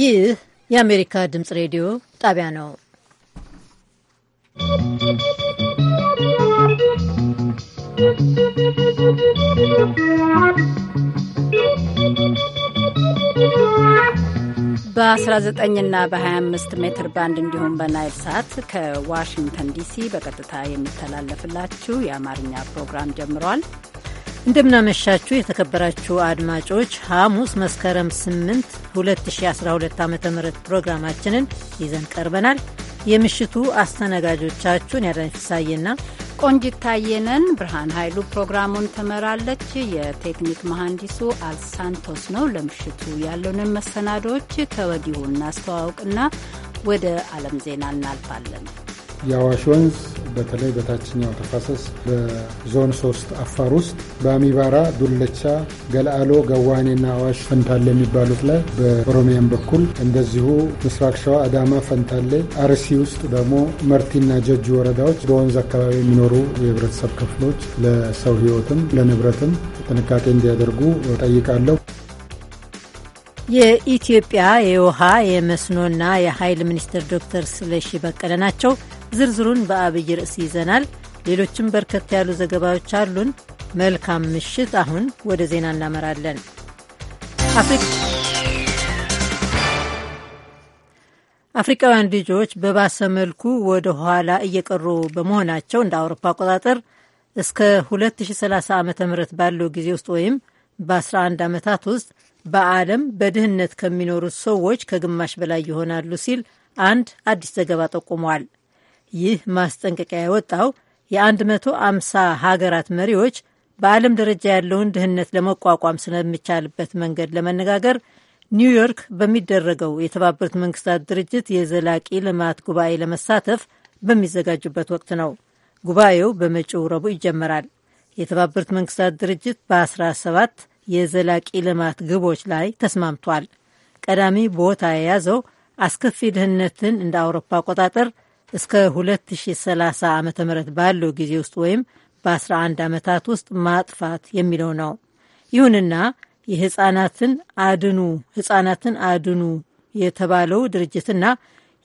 ይህ የአሜሪካ ድምፅ ሬዲዮ ጣቢያ ነው። በ19ና በ25 ሜትር ባንድ እንዲሁም በናይል ሳት ከዋሽንግተን ዲሲ በቀጥታ የሚተላለፍላችሁ የአማርኛ ፕሮግራም ጀምሯል። እንደምናመሻችሁ የተከበራችሁ አድማጮች፣ ሐሙስ መስከረም 8 2012 ዓ ም ፕሮግራማችንን ይዘን ቀርበናል። የምሽቱ አስተናጋጆቻችሁን ያዳኝ ፍሳዬና ቆንጂት ታየነን። ብርሃን ኃይሉ ፕሮግራሙን ትመራለች። የቴክኒክ መሐንዲሱ አልሳንቶስ ነው። ለምሽቱ ያለንን መሰናዶዎች ከወዲሁ እናስተዋውቅና ወደ ዓለም ዜና እናልፋለን። የአዋሽ ወንዝ በተለይ በታችኛው ተፋሰስ በዞን ሶስት አፋር ውስጥ በአሚባራ፣ ዱለቻ፣ ገላአሎ፣ ገዋኔና አዋሽ ፈንታሌ የሚባሉት ላይ በኦሮሚያን በኩል እንደዚሁ ምስራቅ ሸዋ፣ አዳማ፣ ፈንታሌ፣ አርሲ ውስጥ ደግሞ መርቲና ጀጁ ወረዳዎች በወንዝ አካባቢ የሚኖሩ የህብረተሰብ ክፍሎች ለሰው ህይወትም ለንብረትም ጥንቃቄ እንዲያደርጉ ጠይቃለሁ። የኢትዮጵያ የውሃ የመስኖና የኃይል ሚኒስትር ዶክተር ስለሺ በቀለ ናቸው። ዝርዝሩን በአብይ ርዕስ ይዘናል። ሌሎችም በርከት ያሉ ዘገባዎች አሉን። መልካም ምሽት። አሁን ወደ ዜና እናመራለን። አፍሪካውያን ልጆች በባሰ መልኩ ወደ ኋላ እየቀሩ በመሆናቸው እንደ አውሮፓ አቆጣጠር እስከ 2030 ዓ ም ባለው ጊዜ ውስጥ ወይም በ11 ዓመታት ውስጥ በዓለም በድህነት ከሚኖሩት ሰዎች ከግማሽ በላይ ይሆናሉ ሲል አንድ አዲስ ዘገባ ጠቁሟል። ይህ ማስጠንቀቂያ የወጣው የ150 ሀገራት መሪዎች በዓለም ደረጃ ያለውን ድህነት ለመቋቋም ስለሚቻልበት መንገድ ለመነጋገር ኒውዮርክ በሚደረገው የተባበሩት መንግስታት ድርጅት የዘላቂ ልማት ጉባኤ ለመሳተፍ በሚዘጋጁበት ወቅት ነው። ጉባኤው በመጪው ረቡዕ ይጀመራል። የተባበሩት መንግስታት ድርጅት በ17 የዘላቂ ልማት ግቦች ላይ ተስማምቷል። ቀዳሚ ቦታ የያዘው አስከፊ ድህነትን እንደ አውሮፓ አቆጣጠር እስከ 2030 ዓ ም ባለው ጊዜ ውስጥ ወይም በ11 ዓመታት ውስጥ ማጥፋት የሚለው ነው። ይሁንና የህጻናትን አድኑ ህጻናትን አድኑ የተባለው ድርጅትና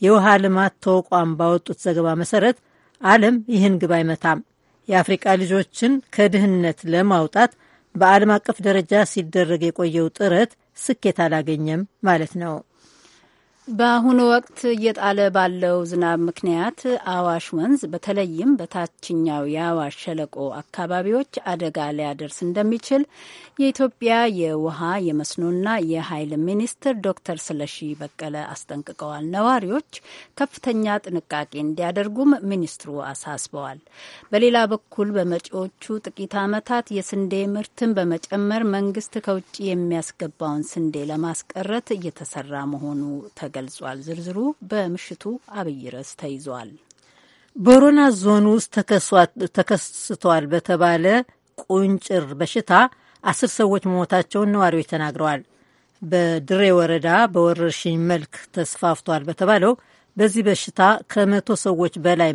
የውሃ ልማት ተቋም ባወጡት ዘገባ መሰረት ዓለም ይህን ግብ አይመታም። የአፍሪቃ ልጆችን ከድህነት ለማውጣት በዓለም አቀፍ ደረጃ ሲደረግ የቆየው ጥረት ስኬት አላገኘም ማለት ነው። በአሁኑ ወቅት እየጣለ ባለው ዝናብ ምክንያት አዋሽ ወንዝ በተለይም በታችኛው የአዋሽ ሸለቆ አካባቢዎች አደጋ ሊያደርስ እንደሚችል የኢትዮጵያ የውሃ የመስኖና የኃይል ሚኒስትር ዶክተር ስለሺ በቀለ አስጠንቅቀዋል። ነዋሪዎች ከፍተኛ ጥንቃቄ እንዲያደርጉም ሚኒስትሩ አሳስበዋል። በሌላ በኩል በመጪዎቹ ጥቂት ዓመታት የስንዴ ምርትን በመጨመር መንግስት ከውጭ የሚያስገባውን ስንዴ ለማስቀረት እየተሰራ መሆኑ ተገልጿል። ዝርዝሩ በምሽቱ አብይ ርዕስ ተይዟል። ቦረና ዞን ውስጥ ተከስቷል በተባለ ቁንጭር በሽታ አስር ሰዎች መሞታቸውን ነዋሪዎች ተናግረዋል። በድሬ ወረዳ በወረርሽኝ መልክ ተስፋፍቷል በተባለው በዚህ በሽታ ከመቶ ሰዎች በላይ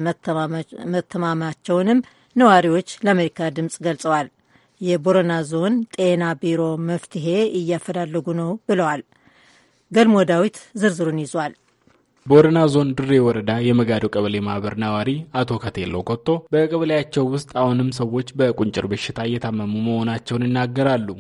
መተማማቸውንም ነዋሪዎች ለአሜሪካ ድምፅ ገልጸዋል። የቦረና ዞን ጤና ቢሮ መፍትሄ እያፈላለጉ ነው ብለዋል። ገልሞ ዳዊት ዝርዝሩን ይዟል። ቦረና ዞን ድሬ ወረዳ የመጋዶ ቀበሌ ማህበር ነዋሪ አቶ ከቴሎ ኮቶ በቀበሌያቸው ውስጥ አሁንም ሰዎች በቁንጭር በሽታ እየታመሙ መሆናቸውን ይናገራሉ።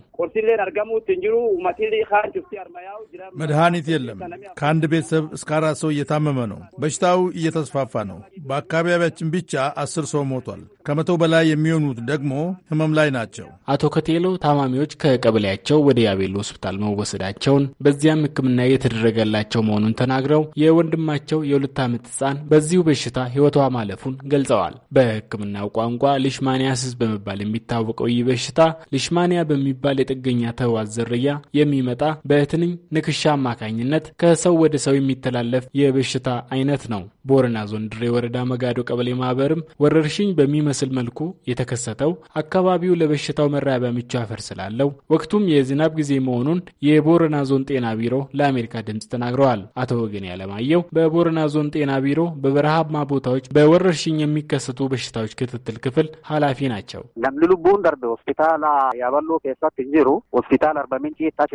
መድኃኒት የለም። ከአንድ ቤተሰብ እስከ አራት ሰው እየታመመ ነው። በሽታው እየተስፋፋ ነው። በአካባቢያችን ብቻ አስር ሰው ሞቷል። ከመቶ በላይ የሚሆኑት ደግሞ ህመም ላይ ናቸው። አቶ ከቴሎ ታማሚዎች ከቀበሌያቸው ወደ ያቤሎ ሆስፒታል መወሰዳቸውን በዚያም ህክምና እየተደረገላቸው መሆኑን ተናግረው የወንድ ወንድማቸው የሁለት ዓመት ህፃን በዚሁ በሽታ ህይወቷ ማለፉን ገልጸዋል። በህክምናው ቋንቋ ሊሽማኒያስስ በመባል የሚታወቀው ይህ በሽታ ሊሽማንያ በሚባል የጥገኛ ተህዋስ ዝርያ የሚመጣ በትንኝ ንክሻ አማካኝነት ከሰው ወደ ሰው የሚተላለፍ የበሽታ አይነት ነው። ቦረና ዞን ድሬ ወረዳ መጋዶ ቀበሌ ማህበርም ወረርሽኝ በሚመስል መልኩ የተከሰተው አካባቢው ለበሽታው መራቢያ ምቹ አፈር ስላለው ወቅቱም የዝናብ ጊዜ መሆኑን የቦረና ዞን ጤና ቢሮ ለአሜሪካ ድምፅ ተናግረዋል። አቶ ወገን ያለማየው በቦረና ዞን ጤና ቢሮ በበረሃማ ቦታዎች በወረርሽኝ የሚከሰቱ በሽታዎች ክትትል ክፍል ኃላፊ ናቸው።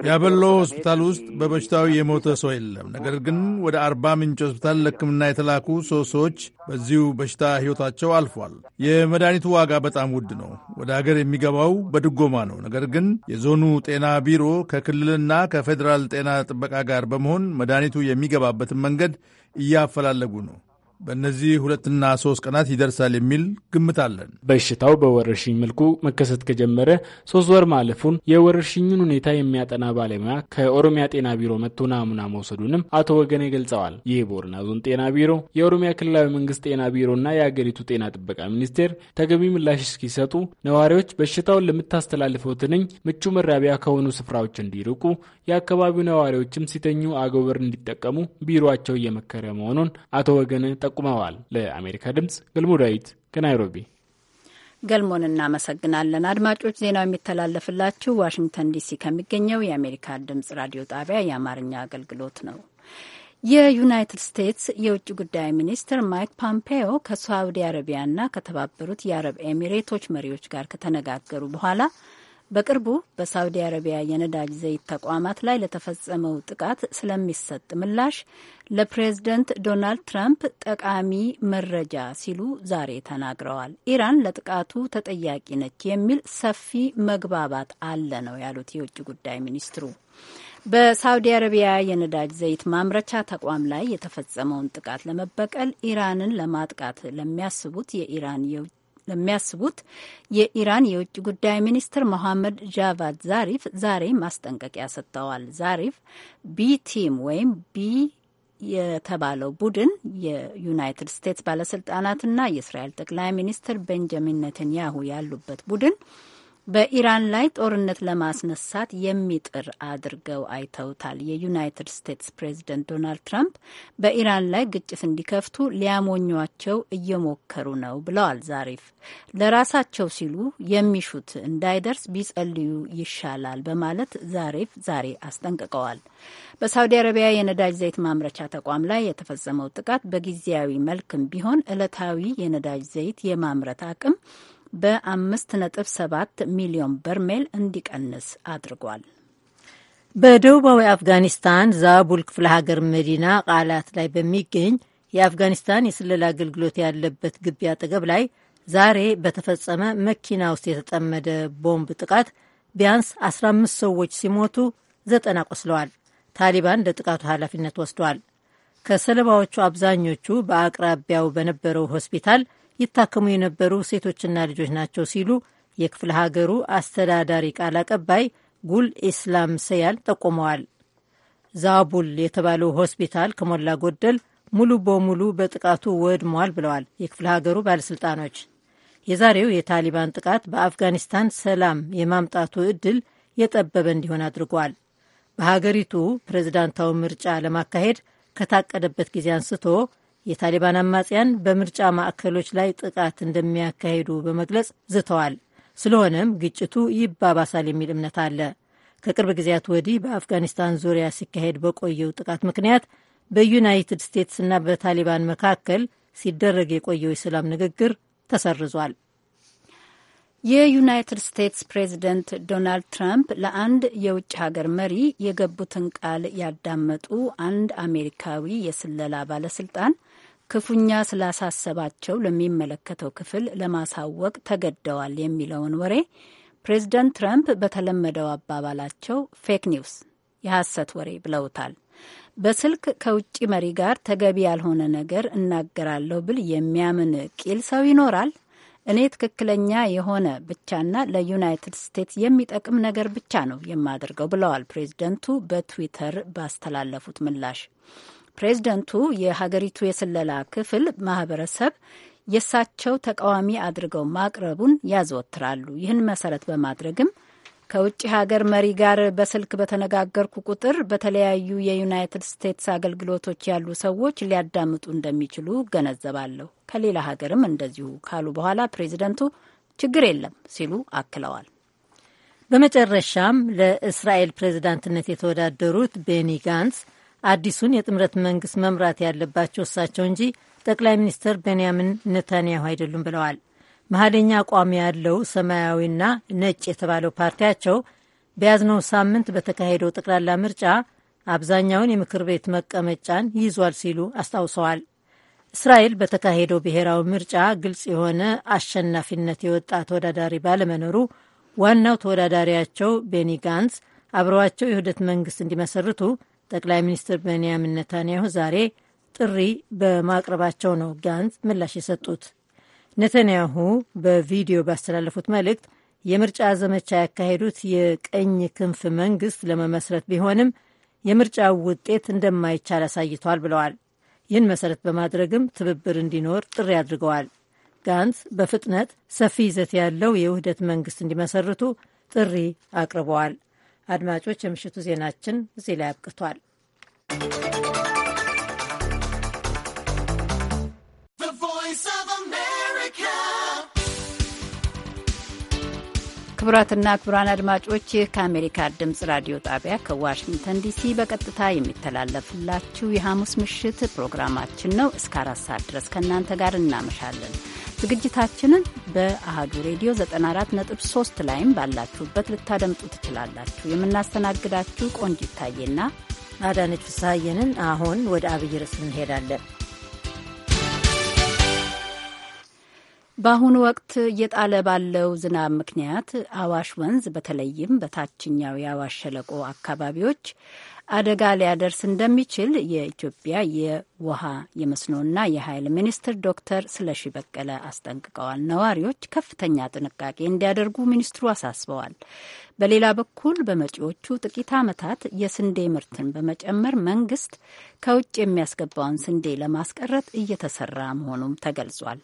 ያበሎ ሆስፒታል ውስጥ በበሽታው የሞተ ሰው የለም። ነገር ግን ወደ አርባ ምንጭ ሆስፒታል ለሕክምና የተላኩ ሶስት ሰዎች በዚሁ በሽታ ሕይወታቸው አልፏል። የመድኃኒቱ ዋጋ በጣም ውድ ነው። ወደ ሀገር የሚገባው በድጎማ ነው። ነገር ግን የዞኑ ጤና ቢሮ ከክልልና ከፌዴራል ጤና ጥበቃ ጋር በመሆን መድኃኒቱ የሚገባበትን መንገድ እያፈላለጉ ነው። በእነዚህ ሁለትና ሶስት ቀናት ይደርሳል የሚል ግምት አለን። በሽታው በወረርሽኝ መልኩ መከሰት ከጀመረ ሶስት ወር ማለፉን የወረርሽኙን ሁኔታ የሚያጠና ባለሙያ ከኦሮሚያ ጤና ቢሮ መጥቶ ናሙና መውሰዱንም አቶ ወገኔ ገልጸዋል። ይህ ቦረና ዞን ጤና ቢሮ፣ የኦሮሚያ ክልላዊ መንግስት ጤና ቢሮና የአገሪቱ ጤና ጥበቃ ሚኒስቴር ተገቢ ምላሽ እስኪሰጡ ነዋሪዎች በሽታውን ለምታስተላልፈው ትንኝ ምቹ መራቢያ ከሆኑ ስፍራዎች እንዲርቁ፣ የአካባቢው ነዋሪዎችም ሲተኙ አጎበር እንዲጠቀሙ ቢሮቸው እየመከረ መሆኑን አቶ ወገነ ጠቁመዋል። ለአሜሪካ ድምፅ ገልሞ ዳዊት ከናይሮቢ። ገልሞን እናመሰግናለን። አድማጮች ዜናው የሚተላለፍላችሁ ዋሽንግተን ዲሲ ከሚገኘው የአሜሪካ ድምጽ ራዲዮ ጣቢያ የአማርኛ አገልግሎት ነው። የዩናይትድ ስቴትስ የውጭ ጉዳይ ሚኒስትር ማይክ ፖምፔዮ አረቢያ አረቢያና ከተባበሩት የአረብ ኤሚሬቶች መሪዎች ጋር ከተነጋገሩ በኋላ በቅርቡ በሳውዲ አረቢያ የነዳጅ ዘይት ተቋማት ላይ ለተፈጸመው ጥቃት ስለሚሰጥ ምላሽ ለፕሬዝደንት ዶናልድ ትራምፕ ጠቃሚ መረጃ ሲሉ ዛሬ ተናግረዋል። ኢራን ለጥቃቱ ተጠያቂ ነች የሚል ሰፊ መግባባት አለ ነው ያሉት የውጭ ጉዳይ ሚኒስትሩ። በሳውዲ አረቢያ የነዳጅ ዘይት ማምረቻ ተቋም ላይ የተፈጸመውን ጥቃት ለመበቀል ኢራንን ለማጥቃት ለሚያስቡት የኢራን የውጭ ለሚያስቡት የኢራን የውጭ ጉዳይ ሚኒስትር መሐመድ ጃቫድ ዛሪፍ ዛሬ ማስጠንቀቂያ ሰጥተዋል። ዛሪፍ ቢ ቲም ወይም ቢ የተባለው ቡድን የዩናይትድ ስቴትስ ባለስልጣናትና የእስራኤል ጠቅላይ ሚኒስትር ቤንጃሚን ነተንያሁ ያሉበት ቡድን በኢራን ላይ ጦርነት ለማስነሳት የሚጥር አድርገው አይተውታል። የዩናይትድ ስቴትስ ፕሬዚደንት ዶናልድ ትራምፕ በኢራን ላይ ግጭት እንዲከፍቱ ሊያሞኟቸው እየሞከሩ ነው ብለዋል። ዛሪፍ ለራሳቸው ሲሉ የሚሹት እንዳይደርስ ቢጸልዩ ይሻላል በማለት ዛሪፍ ዛሬ አስጠንቅቀዋል። በሳውዲ አረቢያ የነዳጅ ዘይት ማምረቻ ተቋም ላይ የተፈጸመው ጥቃት በጊዜያዊ መልክም ቢሆን ዕለታዊ የነዳጅ ዘይት የማምረት አቅም በ5.7 ሚሊዮን በርሜል እንዲቀንስ አድርጓል። በደቡባዊ አፍጋኒስታን ዛቡል ክፍለ ሀገር መዲና ቃላት ላይ በሚገኝ የአፍጋኒስታን የስለላ አገልግሎት ያለበት ግቢ አጠገብ ላይ ዛሬ በተፈጸመ መኪና ውስጥ የተጠመደ ቦምብ ጥቃት ቢያንስ 15 ሰዎች ሲሞቱ ዘጠና ቆስለዋል። ታሊባን ለጥቃቱ ኃላፊነት ወስዷል። ከሰለባዎቹ አብዛኞቹ በአቅራቢያው በነበረው ሆስፒታል ይታከሙ የነበሩ ሴቶችና ልጆች ናቸው ሲሉ የክፍለ ሀገሩ አስተዳዳሪ ቃል አቀባይ ጉል ኢስላም ሰያል ጠቁመዋል። ዛቡል የተባለው ሆስፒታል ከሞላ ጎደል ሙሉ በሙሉ በጥቃቱ ወድሟል ብለዋል የክፍለ ሀገሩ ባለሥልጣኖች። የዛሬው የታሊባን ጥቃት በአፍጋኒስታን ሰላም የማምጣቱ እድል የጠበበ እንዲሆን አድርጓል። በሀገሪቱ ፕሬዝዳንታዊ ምርጫ ለማካሄድ ከታቀደበት ጊዜ አንስቶ የታሊባን አማጽያን በምርጫ ማዕከሎች ላይ ጥቃት እንደሚያካሂዱ በመግለጽ ዝተዋል። ስለሆነም ግጭቱ ይባባሳል የሚል እምነት አለ። ከቅርብ ጊዜያት ወዲህ በአፍጋኒስታን ዙሪያ ሲካሄድ በቆየው ጥቃት ምክንያት በዩናይትድ እና በታሊባን መካከል ሲደረግ የቆየው የሰላም ንግግር ተሰርዟል። የዩናይትድ ስቴትስ ፕሬዝደንት ዶናልድ ትራምፕ ለአንድ የውጭ ሀገር መሪ የገቡትን ቃል ያዳመጡ አንድ አሜሪካዊ የስለላ ባለስልጣን ክፉኛ ስላሳሰባቸው ለሚመለከተው ክፍል ለማሳወቅ ተገደዋል የሚለውን ወሬ ፕሬዝደንት ትራምፕ በተለመደው አባባላቸው ፌክ ኒውስ የሐሰት ወሬ ብለውታል። በስልክ ከውጭ መሪ ጋር ተገቢ ያልሆነ ነገር እናገራለሁ ብል የሚያምን ቂል ሰው ይኖራል? እኔ ትክክለኛ የሆነ ብቻና ለዩናይትድ ስቴትስ የሚጠቅም ነገር ብቻ ነው የማደርገው ብለዋል ፕሬዝደንቱ በትዊተር ባስተላለፉት ምላሽ። ፕሬዝደንቱ የሀገሪቱ የስለላ ክፍል ማህበረሰብ የእሳቸው ተቃዋሚ አድርገው ማቅረቡን ያዘወትራሉ። ይህን መሰረት በማድረግም ከውጭ ሀገር መሪ ጋር በስልክ በተነጋገርኩ ቁጥር በተለያዩ የዩናይትድ ስቴትስ አገልግሎቶች ያሉ ሰዎች ሊያዳምጡ እንደሚችሉ ገነዘባለሁ። ከሌላ ሀገርም እንደዚሁ ካሉ በኋላ ፕሬዚደንቱ ችግር የለም ሲሉ አክለዋል። በመጨረሻም ለእስራኤል ፕሬዚዳንትነት የተወዳደሩት ቤኒ ጋንስ አዲሱን የጥምረት መንግስት መምራት ያለባቸው እሳቸው እንጂ ጠቅላይ ሚኒስትር ቤንያሚን ነታንያሁ አይደሉም ብለዋል። መሀለኛ አቋም ያለው ሰማያዊና ነጭ የተባለው ፓርቲያቸው በያዝነው ሳምንት በተካሄደው ጠቅላላ ምርጫ አብዛኛውን የምክር ቤት መቀመጫን ይዟል ሲሉ አስታውሰዋል። እስራኤል በተካሄደው ብሔራዊ ምርጫ ግልጽ የሆነ አሸናፊነት የወጣ ተወዳዳሪ ባለመኖሩ ዋናው ተወዳዳሪያቸው ቤኒ ጋንስ አብረዋቸው የውህደት መንግስት እንዲመሰርቱ ጠቅላይ ሚኒስትር ቤንያሚን ነታንያሁ ዛሬ ጥሪ በማቅረባቸው ነው ጋንዝ ምላሽ የሰጡት። ነተንያሁ በቪዲዮ ባስተላለፉት መልእክት የምርጫ ዘመቻ ያካሄዱት የቀኝ ክንፍ መንግስት ለመመስረት ቢሆንም የምርጫው ውጤት እንደማይቻል አሳይቷል ብለዋል። ይህን መሰረት በማድረግም ትብብር እንዲኖር ጥሪ አድርገዋል። ጋንት በፍጥነት ሰፊ ይዘት ያለው የውህደት መንግስት እንዲመሰርቱ ጥሪ አቅርበዋል። አድማጮች፣ የምሽቱ ዜናችን እዚህ ላይ አብቅቷል። ክቡራትና ክቡራን አድማጮች ይህ ከአሜሪካ ድምፅ ራዲዮ ጣቢያ ከዋሽንግተን ዲሲ በቀጥታ የሚተላለፍላችሁ የሐሙስ ምሽት ፕሮግራማችን ነው። እስከ አራት ሰዓት ድረስ ከእናንተ ጋር እናመሻለን። ዝግጅታችንን በአህዱ ሬዲዮ 94.3 ላይም ባላችሁበት ልታደምጡ ትችላላችሁ። የምናስተናግዳችሁ ቆንጅ ይታየና አዳነች ፍስሐየንን። አሁን ወደ አብይ ርዕስ እንሄዳለን። በአሁኑ ወቅት እየጣለ ባለው ዝናብ ምክንያት አዋሽ ወንዝ በተለይም በታችኛው የአዋሽ ሸለቆ አካባቢዎች አደጋ ሊያደርስ እንደሚችል የኢትዮጵያ የውሃ የመስኖና የኃይል ሚኒስትር ዶክተር ስለሺ በቀለ አስጠንቅቀዋል። ነዋሪዎች ከፍተኛ ጥንቃቄ እንዲያደርጉ ሚኒስትሩ አሳስበዋል። በሌላ በኩል በመጪዎቹ ጥቂት ዓመታት የስንዴ ምርትን በመጨመር መንግስት ከውጭ የሚያስገባውን ስንዴ ለማስቀረት እየተሰራ መሆኑም ተገልጿል።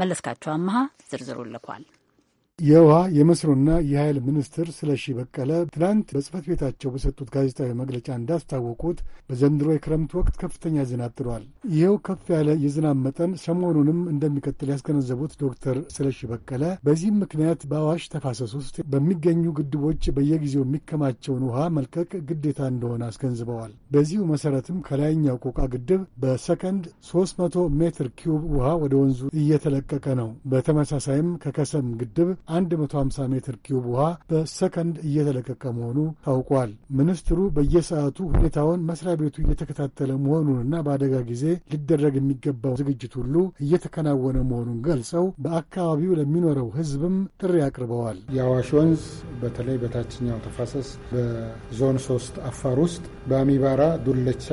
መለስካቸው አመሀ ዝርዝሩ ልኳል። የውሃ የመስኖና የኃይል ሚኒስትር ስለሺ በቀለ ትናንት በጽህፈት ቤታቸው በሰጡት ጋዜጣዊ መግለጫ እንዳስታወቁት በዘንድሮ የክረምት ወቅት ከፍተኛ ዝናብ ጥሏል። ይኸው ከፍ ያለ የዝናብ መጠን ሰሞኑንም እንደሚቀጥል ያስገነዘቡት ዶክተር ስለሺ በቀለ በዚህም ምክንያት በአዋሽ ተፋሰስ ውስጥ በሚገኙ ግድቦች በየጊዜው የሚከማቸውን ውሃ መልቀቅ ግዴታ እንደሆነ አስገንዝበዋል። በዚሁ መሰረትም ከላይኛው ቆቃ ግድብ በሰከንድ 300 ሜትር ኪዩብ ውሃ ወደ ወንዙ እየተለቀቀ ነው። በተመሳሳይም ከከሰም ግድብ 150 ሜትር ኪዩብ ውሃ በሰከንድ እየተለቀቀ መሆኑ ታውቋል። ሚኒስትሩ በየሰዓቱ ሁኔታውን መስሪያ ቤቱ እየተከታተለ መሆኑንና በአደጋ ጊዜ ሊደረግ የሚገባው ዝግጅት ሁሉ እየተከናወነ መሆኑን ገልጸው በአካባቢው ለሚኖረው ሕዝብም ጥሪ አቅርበዋል። የአዋሽ ወንዝ በተለይ በታችኛው ተፋሰስ በዞን ሶስት አፋር ውስጥ በአሚባራ፣ ዱለቻ፣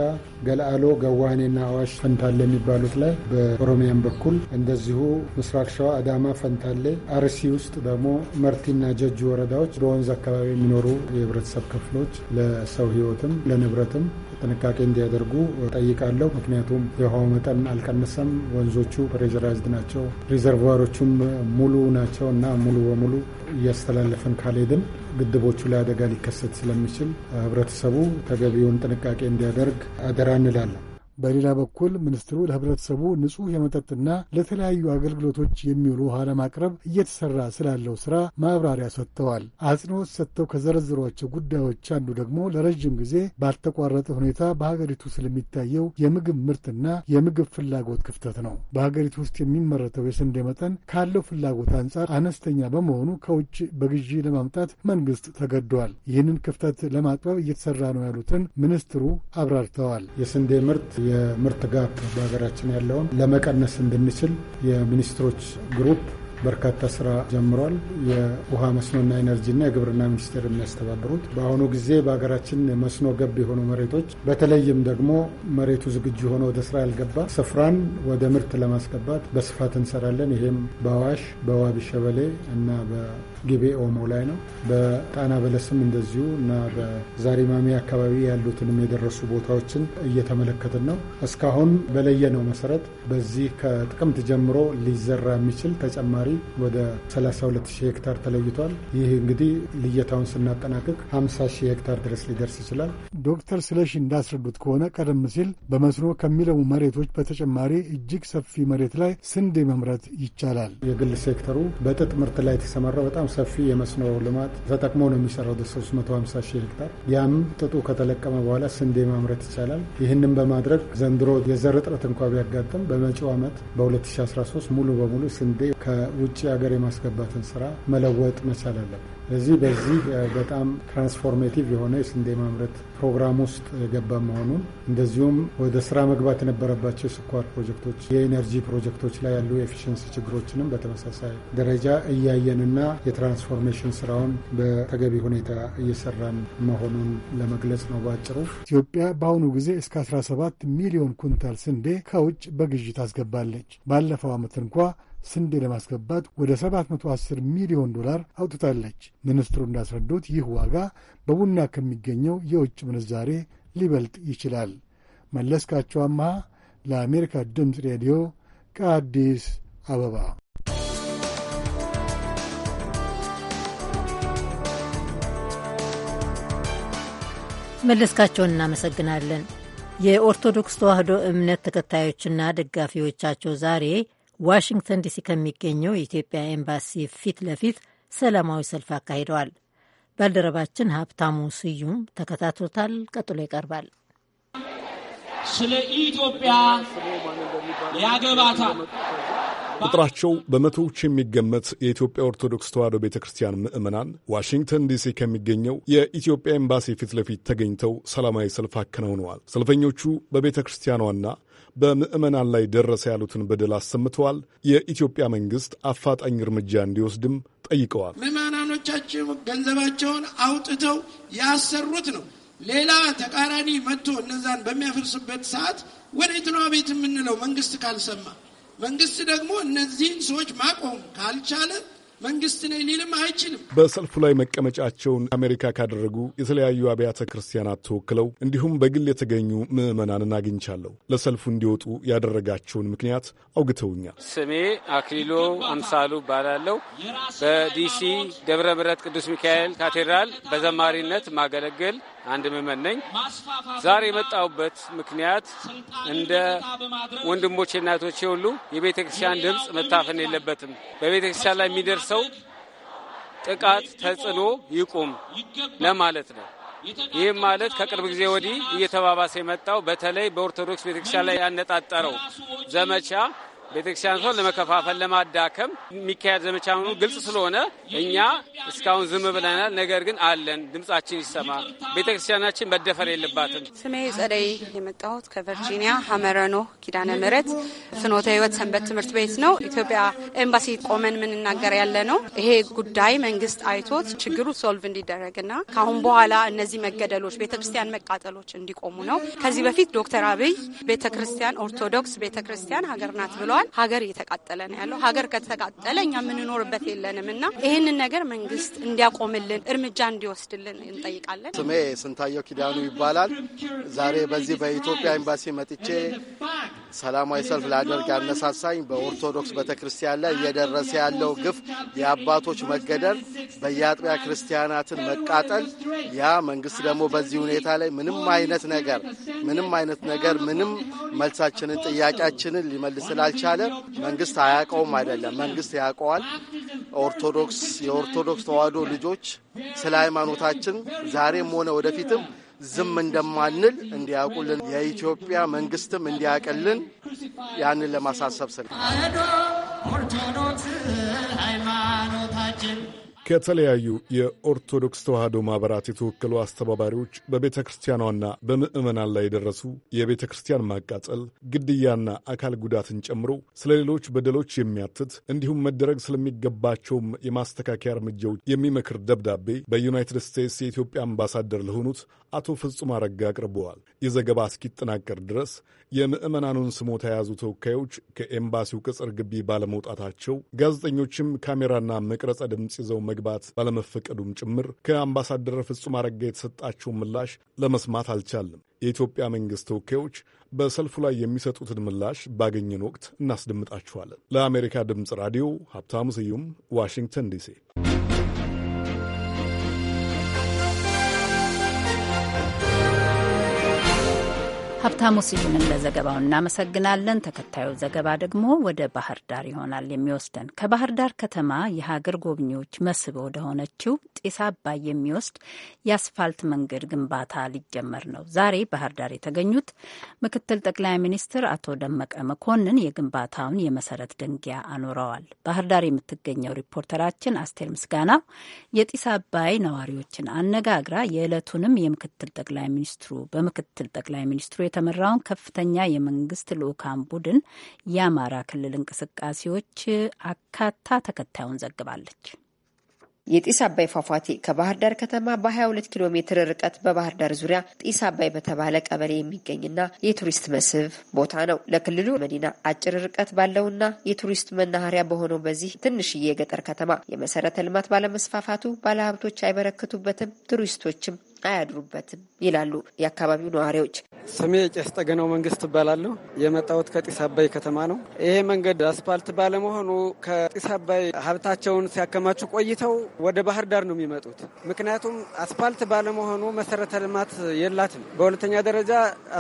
ገላአሎ፣ ገዋኔና አዋሽ ፈንታሌ የሚባሉት ላይ በኦሮሚያን በኩል እንደዚሁ ምስራቅ ሸዋ፣ አዳማ፣ ፈንታሌ፣ አርሲ ውስጥ ደግሞ መርቲና ጀጁ ወረዳዎች በወንዝ አካባቢ የሚኖሩ የህብረተሰብ ክፍሎች ለሰው ህይወትም ለንብረትም ጥንቃቄ እንዲያደርጉ ጠይቃለሁ። ምክንያቱም የውሃው መጠን አልቀነሰም። ወንዞቹ ፕሬዘራይዝድ ናቸው፣ ሪዘርቫሮቹም ሙሉ ናቸው እና ሙሉ በሙሉ እያስተላለፈን ካልሄድን ግድቦቹ ላይ አደጋ ሊከሰት ስለሚችል ህብረተሰቡ ተገቢውን ጥንቃቄ እንዲያደርግ አደራ እንላለን። በሌላ በኩል ሚኒስትሩ ለህብረተሰቡ ንጹህ የመጠጥና ለተለያዩ አገልግሎቶች የሚውሉ ውሃ ለማቅረብ እየተሰራ ስላለው ስራ ማብራሪያ ሰጥተዋል። አጽንኦት ሰጥተው ከዘረዘሯቸው ጉዳዮች አንዱ ደግሞ ለረዥም ጊዜ ባልተቋረጠ ሁኔታ በሀገሪቱ ስለሚታየው የምግብ ምርትና የምግብ ፍላጎት ክፍተት ነው። በሀገሪቱ ውስጥ የሚመረተው የስንዴ መጠን ካለው ፍላጎት አንጻር አነስተኛ በመሆኑ ከውጭ በግዢ ለማምጣት መንግስት ተገዷል። ይህንን ክፍተት ለማጥበብ እየተሰራ ነው ያሉትን ሚኒስትሩ አብራርተዋል። የስንዴ ምርት የምርት ጋፕ በሀገራችን ያለውን ለመቀነስ እንድንችል የሚኒስትሮች ግሩፕ በርካታ ስራ ጀምሯል። የውሃ መስኖና ኢነርጂና የግብርና ሚኒስቴር የሚያስተባብሩት በአሁኑ ጊዜ በሀገራችን መስኖ ገብ የሆኑ መሬቶች በተለይም ደግሞ መሬቱ ዝግጁ ሆኖ ወደ ስራ ያልገባ ስፍራን ወደ ምርት ለማስገባት በስፋት እንሰራለን። ይሄም በአዋሽ በዋቢ ሸበሌ እና በጊቤ ኦሞ ላይ ነው። በጣና በለስም እንደዚሁ እና በዛሪማሚ አካባቢ ያሉትንም የደረሱ ቦታዎችን እየተመለከትን ነው። እስካሁን በለየነው መሰረት በዚህ ከጥቅምት ጀምሮ ሊዘራ የሚችል ተጨማሪ ተጨማሪ ወደ 320 ሄክታር ተለይቷል። ይህ እንግዲህ ልየታውን ስናጠናቅቅ 50 ሺህ ሄክታር ድረስ ሊደርስ ይችላል። ዶክተር ስለሺ እንዳስረዱት ከሆነ ቀደም ሲል በመስኖ ከሚለሙ መሬቶች በተጨማሪ እጅግ ሰፊ መሬት ላይ ስንዴ መምረት ይቻላል። የግል ሴክተሩ በጥጥ ምርት ላይ የተሰማራው በጣም ሰፊ የመስኖ ልማት ተጠቅሞ ነው የሚሰራው 350 ሺህ ሄክታር። ያም ጥጡ ከተለቀመ በኋላ ስንዴ ማምረት ይቻላል። ይህንም በማድረግ ዘንድሮ የዘር እጥረት እንኳ ቢያጋጥም በመጪው ዓመት በ2013 ሙሉ በሙሉ ስንዴ ውጭ ሀገር የማስገባትን ስራ መለወጥ መቻል አለብን። ስለዚህ በዚህ በጣም ትራንስፎርሜቲቭ የሆነ የስንዴ ማምረት ፕሮግራም ውስጥ የገባ መሆኑን እንደዚሁም ወደ ስራ መግባት የነበረባቸው የስኳር ፕሮጀክቶች፣ የኤነርጂ ፕሮጀክቶች ላይ ያሉ የኤፊሽንሲ ችግሮችንም በተመሳሳይ ደረጃ እያየንና የትራንስፎርሜሽን ስራውን በተገቢ ሁኔታ እየሰራን መሆኑን ለመግለጽ ነው። ባጭሩ ኢትዮጵያ በአሁኑ ጊዜ እስከ 17 ሚሊዮን ኩንታል ስንዴ ከውጭ በግዥ ታስገባለች። ባለፈው ዓመት እንኳ ስንዴ ለማስገባት ወደ 710 ሚሊዮን ዶላር አውጥታለች። ሚኒስትሩ እንዳስረዱት ይህ ዋጋ በቡና ከሚገኘው የውጭ ምንዛሬ ሊበልጥ ይችላል። መለስካቸው አምሃ ለአሜሪካ ድምፅ ሬዲዮ ከአዲስ አበባ መለስካቸውን እናመሰግናለን። የኦርቶዶክስ ተዋሕዶ እምነት ተከታዮችና ደጋፊዎቻቸው ዛሬ ዋሽንግተን ዲሲ ከሚገኘው የኢትዮጵያ ኤምባሲ ፊት ለፊት ሰላማዊ ሰልፍ አካሂደዋል። ባልደረባችን ሀብታሙ ስዩም ተከታትሎታል። ቀጥሎ ይቀርባል። ስለ ኢትዮጵያ ያገባታል። ቁጥራቸው በመቶዎች የሚገመት የኢትዮጵያ ኦርቶዶክስ ተዋሕዶ ቤተ ክርስቲያን ምዕመናን ዋሽንግተን ዲሲ ከሚገኘው የኢትዮጵያ ኤምባሲ ፊት ለፊት ተገኝተው ሰላማዊ ሰልፍ አከናውነዋል። ሰልፈኞቹ በቤተ ክርስቲያኗና በምዕመናን ላይ ደረሰ ያሉትን በደል አሰምተዋል። የኢትዮጵያ መንግስት አፋጣኝ እርምጃ እንዲወስድም ጠይቀዋል። ምዕመናኖቻችን ገንዘባቸውን አውጥተው ያሰሩት ነው። ሌላ ተቃራኒ መጥቶ እነዛን በሚያፈርስበት ሰዓት ወደ የትኗ ቤት የምንለው መንግስት ካልሰማ መንግስት ደግሞ እነዚህን ሰዎች ማቆም ካልቻለ መንግስት ነኝ ሊልም አይችልም። በሰልፉ ላይ መቀመጫቸውን አሜሪካ ካደረጉ የተለያዩ አብያተ ክርስቲያናት ተወክለው እንዲሁም በግል የተገኙ ምዕመናንን አግኝቻለሁ። ለሰልፉ እንዲወጡ ያደረጋቸውን ምክንያት አውግተውኛል። ስሜ አክሊሎ አምሳሉ እባላለሁ። በዲሲ ደብረ ምሕረት ቅዱስ ሚካኤል ካቴድራል በዘማሪነት ማገለገል አንድ ምዕመን ነኝ። ዛሬ የመጣሁበት ምክንያት እንደ ወንድሞቼ እናቶቼ ሁሉ የቤተ ክርስቲያን ድምፅ መታፈን የለበትም። በቤተ ክርስቲያን ላይ የሚደርስ ሰው ጥቃት ተጽዕኖ ይቁም ለማለት ነው። ይህም ማለት ከቅርብ ጊዜ ወዲህ እየተባባሰ የመጣው በተለይ በኦርቶዶክስ ቤተክርስቲያን ላይ ያነጣጠረው ዘመቻ ቤተክርስቲያኗን ለመከፋፈል ለማዳከም የሚካሄድ ዘመቻ መሆኑ ግልጽ ስለሆነ እኛ እስካሁን ዝም ብለናል። ነገር ግን አለን፣ ድምጻችን ይሰማ፣ ቤተክርስቲያናችን መደፈር የለባትም። ስሜ ጸደይ፣ የመጣሁት ከቨርጂኒያ ሀመረኖ ኪዳነ ምሕረት ፍኖተ ሕይወት ሰንበት ትምህርት ቤት ነው። ኢትዮጵያ ኤምባሲ ቆመን የምንናገር ያለ ነው። ይሄ ጉዳይ መንግስት አይቶት ችግሩ ሶልቭ እንዲደረግና ከአሁን በኋላ እነዚህ መገደሎች፣ ቤተክርስቲያን መቃጠሎች እንዲቆሙ ነው። ከዚህ በፊት ዶክተር አብይ ቤተክርስቲያን ኦርቶዶክስ ቤተክርስቲያን ሀገር ናት ብሏል። ተቃጥለዋል። ሀገር እየተቃጠለ ነው ያለው። ሀገር ከተቃጠለ እኛ የምንኖርበት የለንም እና ይህንን ነገር መንግስት እንዲያቆምልን እርምጃ እንዲወስድልን እንጠይቃለን። ስሜ ስንታየው ኪዳኑ ይባላል። ዛሬ በዚህ በኢትዮጵያ ኤምባሲ መጥቼ ሰላማዊ ሰልፍ ላደርግ ያነሳሳኝ በኦርቶዶክስ ቤተ ክርስቲያን ላይ እየደረሰ ያለው ግፍ፣ የአባቶች መገደል፣ በየአጥቢያ ክርስቲያናትን መቃጠል፣ ያ መንግስት ደግሞ በዚህ ሁኔታ ላይ ምንም አይነት ነገር ምንም አይነት ነገር ምንም መልሳችንን ጥያቄያችንን ሊመልስ ስላልቻለ ካልቻለ መንግስት አያውቀውም አይደለም፣ መንግስት ያውቀዋል። ኦርቶዶክስ የኦርቶዶክስ ተዋህዶ ልጆች ስለ ሃይማኖታችን ዛሬም ሆነ ወደፊትም ዝም እንደማንል እንዲያውቁልን የኢትዮጵያ መንግስትም እንዲያውቅልን ያንን ለማሳሰብ ስለ ኦርቶዶክስ ሃይማኖታችን ከተለያዩ የኦርቶዶክስ ተዋሕዶ ማኅበራት የተወከሉ አስተባባሪዎች በቤተ ክርስቲያኗና በምዕመናን ላይ የደረሱ የቤተ ክርስቲያን ማቃጠል፣ ግድያና አካል ጉዳትን ጨምሮ ስለ ሌሎች በደሎች የሚያትት እንዲሁም መደረግ ስለሚገባቸውም የማስተካከያ እርምጃዎች የሚመክር ደብዳቤ በዩናይትድ ስቴትስ የኢትዮጵያ አምባሳደር ለሆኑት አቶ ፍጹም አረጋ አቅርበዋል። የዘገባ ዘገባ እስኪጠናቀር ድረስ የምዕመናኑን ስሞታ የያዙ ተወካዮች ከኤምባሲው ቅጽር ግቢ ባለመውጣታቸው ጋዜጠኞችም ካሜራና መቅረጸ ድምፅ ይዘው ለመግባት ባለመፈቀዱም ጭምር ከአምባሳደር ፍጹም አረጋ የተሰጣቸውን ምላሽ ለመስማት አልቻለም። የኢትዮጵያ መንግሥት ተወካዮች በሰልፉ ላይ የሚሰጡትን ምላሽ ባገኘን ወቅት እናስደምጣችኋለን። ለአሜሪካ ድምፅ ራዲዮ ሀብታሙ ስዩም ዋሽንግተን ዲሲ። ሀብታሙ ስዩምን ለዘገባው እናመሰግናለን። ተከታዩ ዘገባ ደግሞ ወደ ባህር ዳር ይሆናል የሚወስደን። ከባህር ዳር ከተማ የሀገር ጎብኚዎች መስህብ ወደ ሆነችው ጢስ አባይ የሚወስድ የአስፋልት መንገድ ግንባታ ሊጀመር ነው። ዛሬ ባህር ዳር የተገኙት ምክትል ጠቅላይ ሚኒስትር አቶ ደመቀ መኮንን የግንባታውን የመሰረት ድንጊያ አኑረዋል። ባህር ዳር የምትገኘው ሪፖርተራችን አስቴር ምስጋናው የጢስ አባይ ነዋሪዎችን አነጋግራ የዕለቱንም የምክትል ጠቅላይ ሚኒስትሩ በምክትል ጠቅላይ ሚኒስትሩ የተመራውን ከፍተኛ የመንግስት ልዑካን ቡድን የአማራ ክልል እንቅስቃሴዎች አካታ ተከታዩን ዘግባለች። የጢስ አባይ ፏፏቴ ከባህር ዳር ከተማ በ22 ኪሎ ሜትር ርቀት በባህር ዳር ዙሪያ ጢስ አባይ በተባለ ቀበሌ የሚገኝና የቱሪስት መስህብ ቦታ ነው። ለክልሉ መዲና አጭር ርቀት ባለውና የቱሪስት መናኸሪያ በሆነው በዚህ ትንሽዬ የገጠር ከተማ የመሰረተ ልማት ባለመስፋፋቱ ባለሀብቶች አይበረክቱበትም፣ ቱሪስቶችም አያድሩበትም ይላሉ የአካባቢው ነዋሪዎች። ስሜ ቄስ ጠገነው መንግስት እባላለሁ። የመጣሁት ከጢስ አባይ ከተማ ነው። ይሄ መንገድ አስፓልት ባለመሆኑ ከጢስ አባይ ሀብታቸውን ሲያከማቹ ቆይተው ወደ ባህር ዳር ነው የሚመጡት። ምክንያቱም አስፓልት ባለመሆኑ መሰረተ ልማት የላትም። በሁለተኛ ደረጃ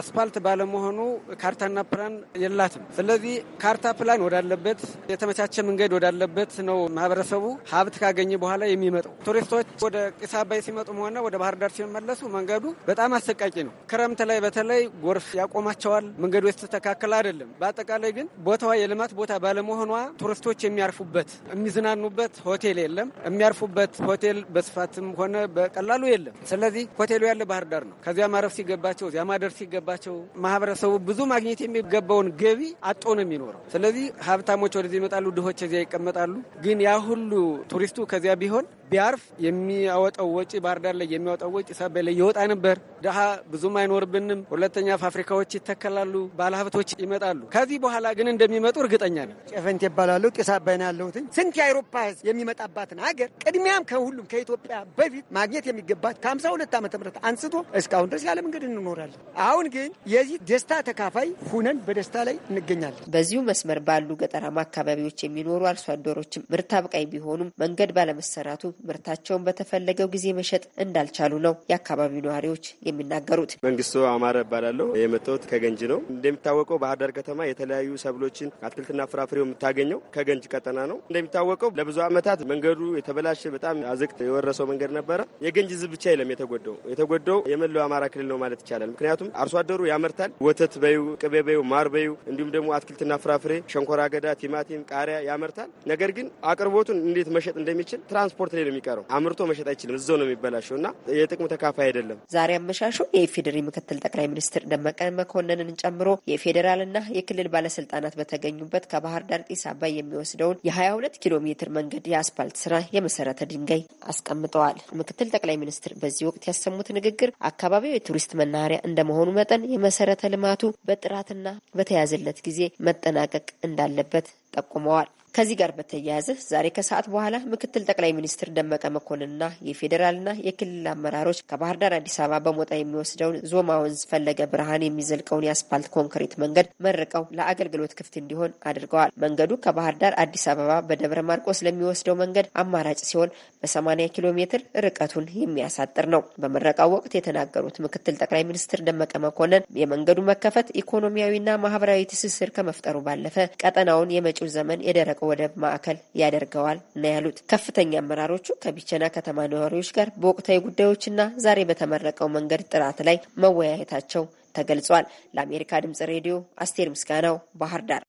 አስፓልት ባለመሆኑ ካርታና ፕላን የላትም። ስለዚህ ካርታ ፕላን ወዳለበት የተመቻቸ መንገድ ወዳለበት ነው ማህበረሰቡ ሀብት ካገኘ በኋላ የሚመጣው። ቱሪስቶች ወደ ጢስ አባይ ሲመጡም ሆነ ወደ ባህር ዳር ሲመለሱ መንገዱ በጣም አሰቃቂ ነው። ክረምት ላይ በተለይ ጎርፍ ያቆማቸዋል። መንገዱ የተስተካከለ አይደለም። በአጠቃላይ ግን ቦታዋ የልማት ቦታ ባለመሆኗ ቱሪስቶች የሚያርፉበት የሚዝናኑበት ሆቴል የለም። የሚያርፉበት ሆቴል በስፋትም ሆነ በቀላሉ የለም። ስለዚህ ሆቴሉ ያለ ባህር ዳር ነው። ከዚያ ማረፍ ሲገባቸው፣ እዚያ ማደር ሲገባቸው፣ ማህበረሰቡ ብዙ ማግኘት የሚገባውን ገቢ አጦ ነው የሚኖረው። ስለዚህ ሀብታሞች ወደዚህ ይመጣሉ፣ ድሆች እዚያ ይቀመጣሉ። ግን ያ ሁሉ ቱሪስቱ ከዚያ ቢሆን ቢያርፍ የሚያወጣው ወጪ ባህር ዳር ላይ የሚያወጣው ወጪ ሳቢያ ላይ ይወጣ ነበር። ድሀ ብዙም አይኖርብንም። ሁለተኛ ፋብሪካዎች ይተከላሉ፣ ባለሀብቶች ይመጣሉ። ከዚህ በኋላ ግን እንደሚመጡ እርግጠኛ ነው። ጨፈንት ይባላለሁ። ጢስ አባይ ነው ያለሁት። ስንት የአውሮፓ ህዝብ የሚመጣባትን ሀገር ቅድሚያም ከሁሉም ከኢትዮጵያ በፊት ማግኘት የሚገባት ከሀምሳ ሁለት ዓመተ ምህረት አንስቶ እስካሁን ድረስ ያለ መንገድ እንኖራለን። አሁን ግን የዚህ ደስታ ተካፋይ ሁነን በደስታ ላይ እንገኛለን። በዚሁ መስመር ባሉ ገጠራማ አካባቢዎች የሚኖሩ አርሶ አደሮችም ምርት አብቃይ ቢሆኑም መንገድ ባለመሰራቱ ምርታቸውን በተፈለገው ጊዜ መሸጥ እንዳልቻሉ ነው የአካባቢው ነዋሪዎች የሚናገሩት። መንግስቱ አማረ እባላለሁ። የመጣሁት ከገንጅ ነው። እንደሚታወቀው ባህር ዳር ከተማ የተለያዩ ሰብሎችን አትክልትና ፍራፍሬው የምታገኘው ከገንጅ ቀጠና ነው። እንደሚታወቀው ለብዙ ዓመታት መንገዱ የተበላሸ በጣም አዘቅት የወረሰው መንገድ ነበረ። የገንጅ ህዝብ ብቻ የለም የተጎዳው የተጎዳው የመላው አማራ ክልል ነው ማለት ይቻላል። ምክንያቱም አርሶ አደሩ ያመርታል። ወተት በዩ፣ ቅቤ በዩ፣ ማር በዩ እንዲሁም ደግሞ አትክልትና ፍራፍሬ፣ ሸንኮራ አገዳ፣ ቲማቲም፣ ቃሪያ ያመርታል። ነገር ግን አቅርቦቱን እንዴት መሸጥ እንደሚችል ትራንስፖርት ላይ ነው የሚቀረው። አምርቶ መሸጥ አይችልም። እዛው ነው የሚበላሸው እና የጥቅሙ ተካፋይ አይደለም። ዛሬ አመሻሹ የኢፌዴሪ ምክትል ጠቅላይ ሚኒስትር ደመቀ መኮንንን ጨምሮ የፌዴራልና የክልል ባለስልጣናት በተገኙበት ከባህር ዳር ጢስ አባይ የሚወስደውን የ22 ኪሎ ሜትር መንገድ የአስፓልት ስራ የመሰረተ ድንጋይ አስቀምጠዋል። ምክትል ጠቅላይ ሚኒስትር በዚህ ወቅት ያሰሙት ንግግር አካባቢው የቱሪስት መናኸሪያ እንደመሆኑ መጠን የመሰረተ ልማቱ በጥራትና በተያዘለት ጊዜ መጠናቀቅ እንዳለበት ጠቁመዋል። ከዚህ ጋር በተያያዘ ዛሬ ከሰዓት በኋላ ምክትል ጠቅላይ ሚኒስትር ደመቀ መኮንንና የፌዴራልና የክልል አመራሮች ከባህር ዳር አዲስ አበባ በሞጣ የሚወስደውን ዞማ ወንዝ ፈለገ ብርሃን የሚዘልቀውን የአስፓልት ኮንክሪት መንገድ መርቀው ለአገልግሎት ክፍት እንዲሆን አድርገዋል። መንገዱ ከባህር ዳር አዲስ አበባ በደብረ ማርቆስ ለሚወስደው መንገድ አማራጭ ሲሆን በ80 ኪሎ ሜትር ርቀቱን የሚያሳጥር ነው። በምረቃው ወቅት የተናገሩት ምክትል ጠቅላይ ሚኒስትር ደመቀ መኮንን የመንገዱ መከፈት ኢኮኖሚያዊና ማህበራዊ ትስስር ከመፍጠሩ ባለፈ ቀጠናውን የመጪው ዘመን የደረቀው ወደብ ማዕከል ያደርገዋል ነው ያሉት። ከፍተኛ አመራሮቹ ከቢቸና ከተማ ነዋሪዎች ጋር በወቅታዊ ጉዳዮችና ዛሬ በተመረቀው መንገድ ጥራት ላይ መወያየታቸው ተገልጿል። ለአሜሪካ ድምጽ ሬዲዮ አስቴር ምስጋናው ባህር ዳር።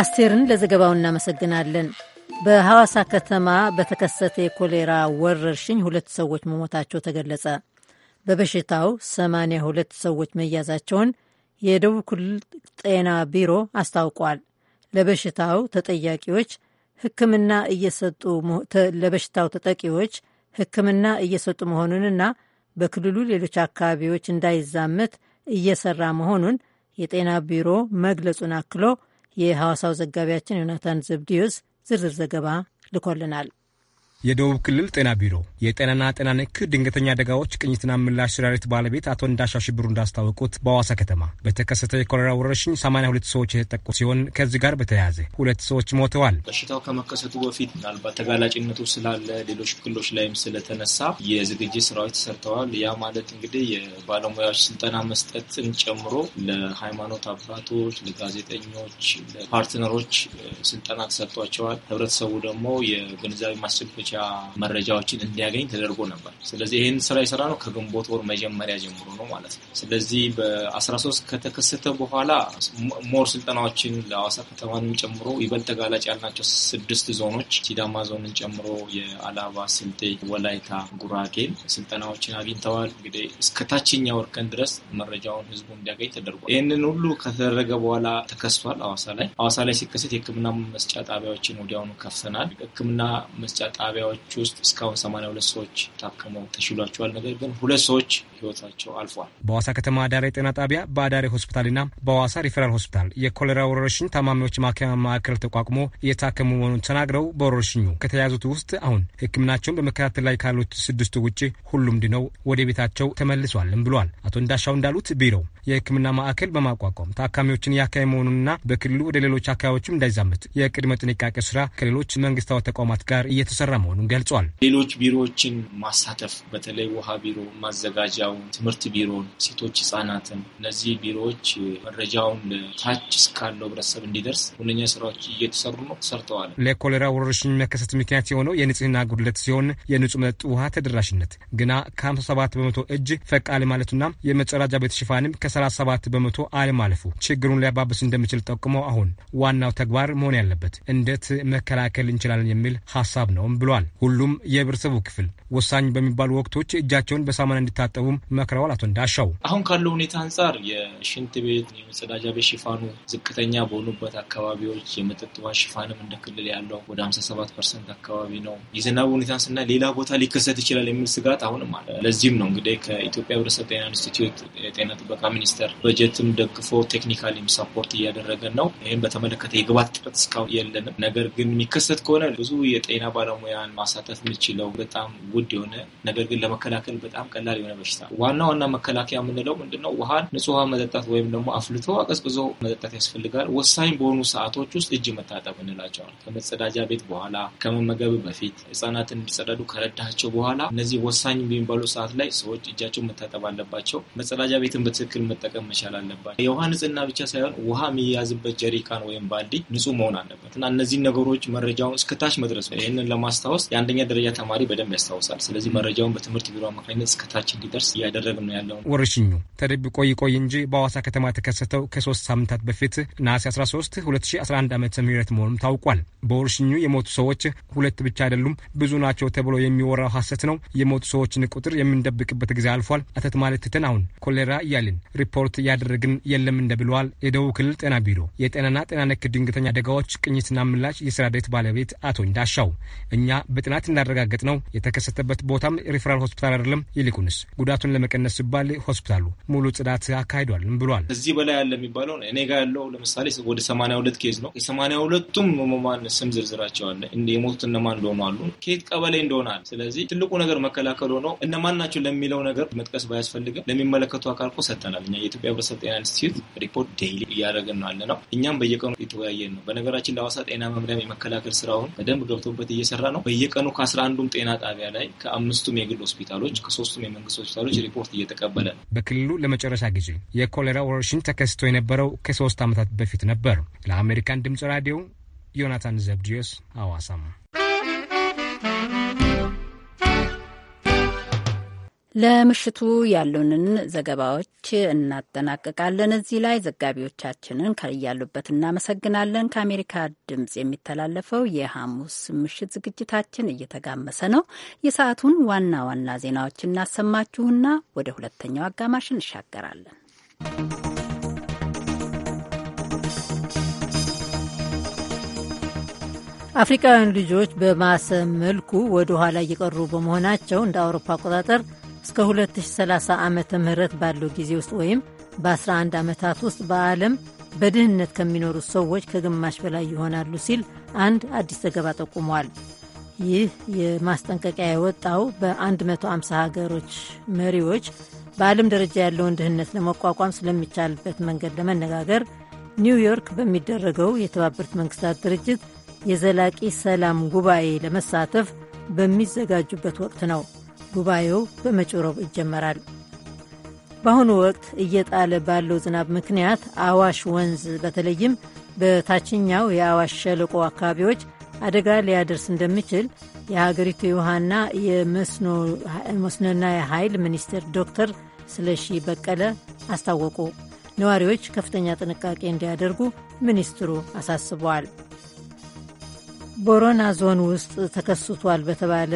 አስቴርን ለዘገባው እናመሰግናለን። በሐዋሳ ከተማ በተከሰተ የኮሌራ ወረርሽኝ ሁለት ሰዎች መሞታቸው ተገለጸ። በበሽታው 82 ሰዎች መያዛቸውን የደቡብ ክልል ጤና ቢሮ አስታውቋል። ለበሽታው ተጠያቂዎች ሕክምና እየሰጡ ለበሽታው ተጠቂዎች ሕክምና እየሰጡ መሆኑንና በክልሉ ሌሎች አካባቢዎች እንዳይዛመት እየሰራ መሆኑን የጤና ቢሮ መግለጹን አክሎ የሐዋሳው ዘጋቢያችን ዮናታን ዘብዲዮስ ዝርዝር ዘገባ ልኮልናል። የደቡብ ክልል ጤና ቢሮ የጤናና ጤና ነክ ድንገተኛ አደጋዎች ቅኝትና ምላሽ ስራሪት ባለቤት አቶ እንዳሻ ሽብሩ እንዳስታወቁት በሐዋሳ ከተማ በተከሰተ የኮሌራ ወረርሽኝ 82 ሰዎች የተጠቁ ሲሆን ከዚህ ጋር በተያያዘ ሁለት ሰዎች ሞተዋል። በሽታው ከመከሰቱ በፊት ምናልባት ተጋላጭነቱ ስላለ ሌሎች ክልሎች ላይም ስለተነሳ የዝግጅት ስራዎች ተሰርተዋል። ያ ማለት እንግዲህ የባለሙያዎች ስልጠና መስጠትን ጨምሮ ለሃይማኖት አባቶች፣ ለጋዜጠኞች፣ ለፓርትነሮች ስልጠና ተሰጥቷቸዋል። ህብረተሰቡ ደግሞ የግንዛቤ ማስጨበጫ የዘመቻ መረጃዎችን እንዲያገኝ ተደርጎ ነበር። ስለዚህ ይህን ስራ የሰራ ነው ከግንቦት ወር መጀመሪያ ጀምሮ ነው ማለት ነው። ስለዚህ በ13 ከተከሰተ በኋላ ሞር ስልጠናዎችን ለአዋሳ ከተማንም ጨምሮ ይበልጥ ተጋላጭ ያልናቸው ስድስት ዞኖች ሲዳማ ዞንን ጨምሮ የአላባ፣ ስልጤ፣ ወላይታ፣ ጉራጌን ስልጠናዎችን አግኝተዋል። እንግዲህ እስከ ታችኛው እርከን ድረስ መረጃውን ህዝቡ እንዲያገኝ ተደርጓል። ይህንን ሁሉ ከተደረገ በኋላ ተከስቷል አዋሳ ላይ። አዋሳ ላይ ሲከሰት የህክምና መስጫ ጣቢያዎችን ወዲያውኑ ከፍተናል። ህክምና መስጫ ጣቢያ ጣቢያዎች ውስጥ እስካሁን 82 ሰዎች ታክመው ተሽሏቸዋል። ነገር ግን ሁለት ሰዎች ህይወታቸው አልፏል። በዋሳ ከተማ አዳሪ ጤና ጣቢያ፣ በአዳሪ ሆስፒታልና በዋሳ ሪፈራል ሆስፒታል የኮሌራ ወረርሽኝ ታማሚዎች ማከሚያ ማዕከል ተቋቁሞ እየታከሙ መሆኑን ተናግረው በወረርሽኙ ከተያዙት ውስጥ አሁን ህክምናቸውን በመከታተል ላይ ካሉት ስድስቱ ውጭ ሁሉም ድነው ወደ ቤታቸው ተመልሷልም ብሏል። አቶ እንዳሻው እንዳሉት ቢሮው የህክምና ማዕከል በማቋቋም ታካሚዎችን እያካባቢ መሆኑንና በክልሉ ወደ ሌሎች አካባቢዎችም እንዳይዛመት የቅድመ ጥንቃቄ ስራ ከሌሎች መንግስታዊ ተቋማት ጋር እየተሰራ መሆኑን ገልጿል። ሌሎች ቢሮዎችን ማሳተፍ በተለይ ውሃ ቢሮ፣ ማዘጋጃውን፣ ትምህርት ቢሮን፣ ሴቶች ህጻናትን፣ እነዚህ ቢሮዎች መረጃውን ታች እስካለው ህብረተሰብ እንዲደርስ ሁነኛ ስራዎች እየተሰሩ ነው፣ ተሰርተዋል። ለኮሌራ ወረርሽኝ መከሰት ምክንያት የሆነው የንጽህና ጉድለት ሲሆን የንጹህ መጠጥ ውሃ ተደራሽነት ግና ከ57 በመቶ እጅ ፈቃል ማለቱና የመጸዳጃ ቤት ሽፋንም ከ 37 በመቶ አለማለፉ ችግሩን ሊያባብስ እንደሚችል ጠቁመው አሁን ዋናው ተግባር መሆን ያለበት እንዴት መከላከል እንችላለን የሚል ሀሳብ ነውም ብሏል። ሁሉም የህብረተሰቡ ክፍል ወሳኝ በሚባሉ ወቅቶች እጃቸውን በሳሙና እንዲታጠቡም መክረዋል። አቶ እንዳሻው አሁን ካለው ሁኔታ አንጻር የሽንት ቤት የመጸዳጃ ቤት ሽፋኑ ዝቅተኛ በሆኑበት አካባቢዎች የመጠጥ ውሃ ሽፋንም እንደ ክልል ያለው ወደ 57 ፐርሰንት አካባቢ ነው። የዝናቡ ሁኔታ ስናይ ሌላ ቦታ ሊከሰት ይችላል የሚል ስጋት አሁንም አለ። ለዚህም ነው እንግዲህ ከኢትዮጵያ ህብረተሰብ ጤና ኢንስቲትዩት የጤና ጥበቃ ሚኒስ ሚኒስቴር በጀትም ደግፎ ቴክኒካሊም ሰፖርት እያደረገን ነው። ይህም በተመለከተ የግባት ጥረት እስካሁን የለንም። ነገር ግን የሚከሰት ከሆነ ብዙ የጤና ባለሙያን ማሳተፍ የምችለው በጣም ውድ የሆነ ነገር ግን ለመከላከል በጣም ቀላል የሆነ በሽታ ዋና ዋና መከላከያ የምንለው ምንድነው? ውሃን ንጹህ ውሃ መጠጣት ወይም ደግሞ አፍልቶ አቀዝቅዞ መጠጣት ያስፈልጋል። ወሳኝ በሆኑ ሰዓቶች ውስጥ እጅ መታጠብ እንላቸዋል። ከመጸዳጃ ቤት በኋላ፣ ከመመገብ በፊት፣ ህጻናት እንዲጸዳዱ ከረዳቸው በኋላ እነዚህ ወሳኝ የሚባሉ ሰዓት ላይ ሰዎች እጃቸው መታጠብ አለባቸው። መጸዳጃ ቤትን በትክክል መጠቀም መቻል አለባቸው። የውሃ ንጽህና ብቻ ሳይሆን ውሃ የሚያዝበት ጀሪካን ወይም ባልዲ ንጹህ መሆን አለበት እና እነዚህ ነገሮች መረጃውን እስከታች መድረስ ይህንን ለማስታወስ የአንደኛ ደረጃ ተማሪ በደንብ ያስታውሳል። ስለዚህ መረጃውን በትምህርት ቢሮ አማካኝነት እስከታች እንዲደርስ እያደረግ ነው ያለው። ወርሽኙ ተደብ ቆይ ቆይ እንጂ በሐዋሳ ከተማ የተከሰተው ከሶስት ሳምንታት በፊት ነሐሴ 13 2011 ዓ ም መሆኑም ታውቋል። በወርሽኙ የሞቱ ሰዎች ሁለት ብቻ አይደሉም፣ ብዙ ናቸው ተብሎ የሚወራው ሐሰት ነው። የሞቱ ሰዎችን ቁጥር የምንደብቅበት ጊዜ አልፏል። አተት ማለት ትተን አሁን ኮሌራ እያልን ሪፖርት እያደረግን የለም እንደብለዋል የደቡብ ክልል ጤና ቢሮ የጤናና ጤና ነክ ድንገተኛ አደጋዎች ቅኝትና ምላሽ የስራ ቤት ባለቤት አቶ እንዳሻው እኛ በጥናት እንዳረጋገጥ ነው የተከሰተበት ቦታም ሪፈራል ሆስፒታል አይደለም፣ ይልቁንስ ጉዳቱን ለመቀነስ ሲባል ሆስፒታሉ ሙሉ ጽዳት አካሂዷል ብሏል። እዚህ በላይ ያለ የሚባለው እኔ ጋር ያለው ለምሳሌ ወደ ሰማንያ ሁለት ኬዝ ነው። የሰማንያ ሁለቱም ህሙማን ስም ዝርዝራቸው አለ። የሞቱት እነማን እንደሆኑ አሉ፣ ከየት ቀበሌ እንደሆነ አለ። ስለዚህ ትልቁ ነገር መከላከል ሆኖ እነማን ናቸው ለሚለው ነገር መጥቀስ ባያስፈልግም ለሚመለከቱ አካል እኮ ሰጥተናል። እኛ የኢትዮጵያ ህብረተሰብ ጤና ኢንስቲትዩት ሪፖርት ዴይሊ እያደረግን ነው ያለ ነው። እኛም በየቀኑ የተወያየን ነው። በነገራችን ለሐዋሳ ጤና መምሪያም የመከላከል ስራውን በደንብ ገብቶበት እየሰራ ነው። በየቀኑ ከአስራ አንዱም ጤና ጣቢያ ላይ ከአምስቱም የግል ሆስፒታሎች፣ ከሶስቱም የመንግስት ሆስፒታሎች ሪፖርት እየተቀበለ ነው። በክልሉ ለመጨረሻ ጊዜ የኮሌራ ወረርሽኝ ተከስቶ የነበረው ከሶስት ዓመታት በፊት ነበር። ለአሜሪካን ድምፅ ራዲዮ ዮናታን ዘብድዮስ ሐዋሳም ለምሽቱ ያሉንን ዘገባዎች እናጠናቅቃለን። እዚህ ላይ ዘጋቢዎቻችንን ከያሉበት እናመሰግናለን። ከአሜሪካ ድምፅ የሚተላለፈው የሐሙስ ምሽት ዝግጅታችን እየተጋመሰ ነው። የሰዓቱን ዋና ዋና ዜናዎች እናሰማችሁና ወደ ሁለተኛው አጋማሽ እንሻገራለን። አፍሪካውያን ልጆች በማሰብ መልኩ ወደ ኋላ እየቀሩ በመሆናቸው እንደ አውሮፓ አቆጣጠር እስከ 2030 ዓመተ ምህረት ባለው ጊዜ ውስጥ ወይም በ11 ዓመታት ውስጥ በዓለም በድህነት ከሚኖሩት ሰዎች ከግማሽ በላይ ይሆናሉ ሲል አንድ አዲስ ዘገባ ጠቁሟል። ይህ የማስጠንቀቂያ የወጣው በ150 ሀገሮች መሪዎች በዓለም ደረጃ ያለውን ድህነት ለመቋቋም ስለሚቻልበት መንገድ ለመነጋገር ኒውዮርክ በሚደረገው የተባበሩት መንግስታት ድርጅት የዘላቂ ሰላም ጉባኤ ለመሳተፍ በሚዘጋጁበት ወቅት ነው። ጉባኤው በመጪው ረቡዕ ይጀመራል። በአሁኑ ወቅት እየጣለ ባለው ዝናብ ምክንያት አዋሽ ወንዝ በተለይም በታችኛው የአዋሽ ሸለቆ አካባቢዎች አደጋ ሊያደርስ እንደሚችል የሀገሪቱ የውሃና የመስኖና የኃይል ሚኒስትር ዶክተር ስለሺ በቀለ አስታወቁ። ነዋሪዎች ከፍተኛ ጥንቃቄ እንዲያደርጉ ሚኒስትሩ አሳስበዋል። ቦረና ዞን ውስጥ ተከስቷል በተባለ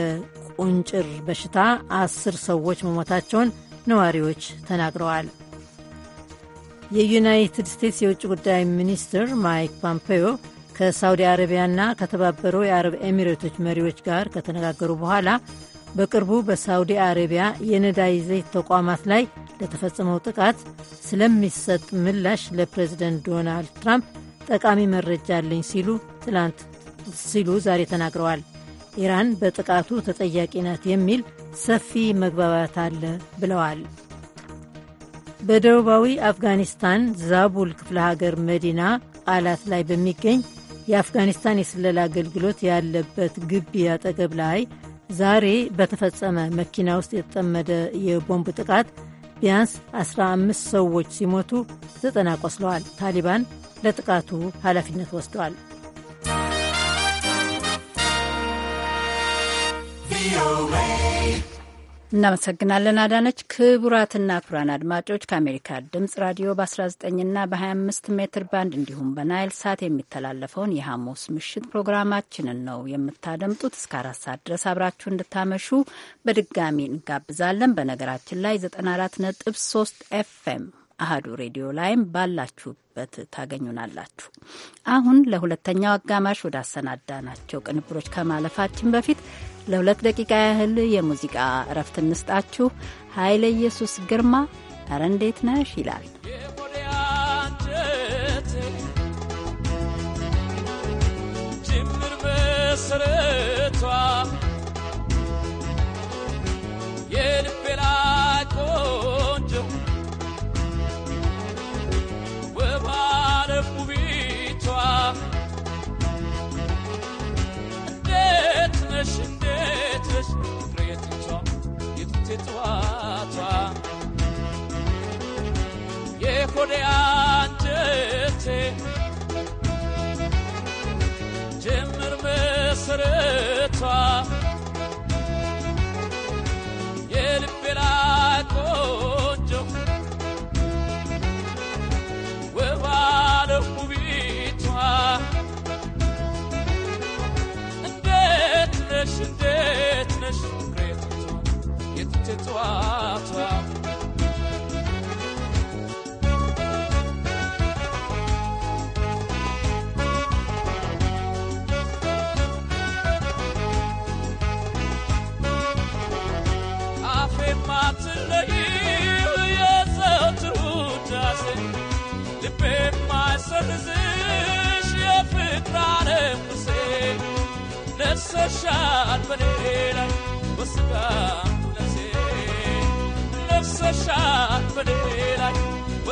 ቁንጭር በሽታ አስር ሰዎች መሞታቸውን ነዋሪዎች ተናግረዋል። የዩናይትድ ስቴትስ የውጭ ጉዳይ ሚኒስትር ማይክ ፖምፔዮ ከሳውዲ አረቢያና ከተባበረው የአረብ ኤሚሬቶች መሪዎች ጋር ከተነጋገሩ በኋላ በቅርቡ በሳውዲ አረቢያ የነዳጅ ዘይት ተቋማት ላይ ለተፈጸመው ጥቃት ስለሚሰጥ ምላሽ ለፕሬዚደንት ዶናልድ ትራምፕ ጠቃሚ መረጃ አለኝ ሲሉ ትላንት ሲሉ ዛሬ ተናግረዋል። ኢራን በጥቃቱ ተጠያቂ ናት የሚል ሰፊ መግባባት አለ ብለዋል። በደቡባዊ አፍጋኒስታን ዛቡል ክፍለ ሀገር መዲና አላት ላይ በሚገኝ የአፍጋኒስታን የስለላ አገልግሎት ያለበት ግቢ አጠገብ ላይ ዛሬ በተፈጸመ መኪና ውስጥ የተጠመደ የቦምብ ጥቃት ቢያንስ 15 ሰዎች ሲሞቱ ዘጠና ቆስለዋል። ታሊባን ለጥቃቱ ኃላፊነት ወስደዋል። እናመሰግናለን አዳነች። ክቡራትና ክቡራን አድማጮች ከአሜሪካ ድምጽ ራዲዮ በ19ና በ25 ሜትር ባንድ እንዲሁም በናይል ሳት የሚተላለፈውን የሐሙስ ምሽት ፕሮግራማችንን ነው የምታደምጡት። እስከ አራት ሰዓት ድረስ አብራችሁ እንድታመሹ በድጋሚ እንጋብዛለን። በነገራችን ላይ 94 ነጥብ 3 ኤፍኤም አህዱ ሬዲዮ ላይም ባላችሁበት ታገኙናላችሁ። አሁን ለሁለተኛው አጋማሽ ወደ አሰናዳ ናቸው ቅንብሮች ከማለፋችን በፊት ለሁለት ደቂቃ ያህል የሙዚቃ እረፍት እንስጣችሁ። ኃይለ ኢየሱስ ግርማ እረ እንዴት ነሽ ይላል። Será tua?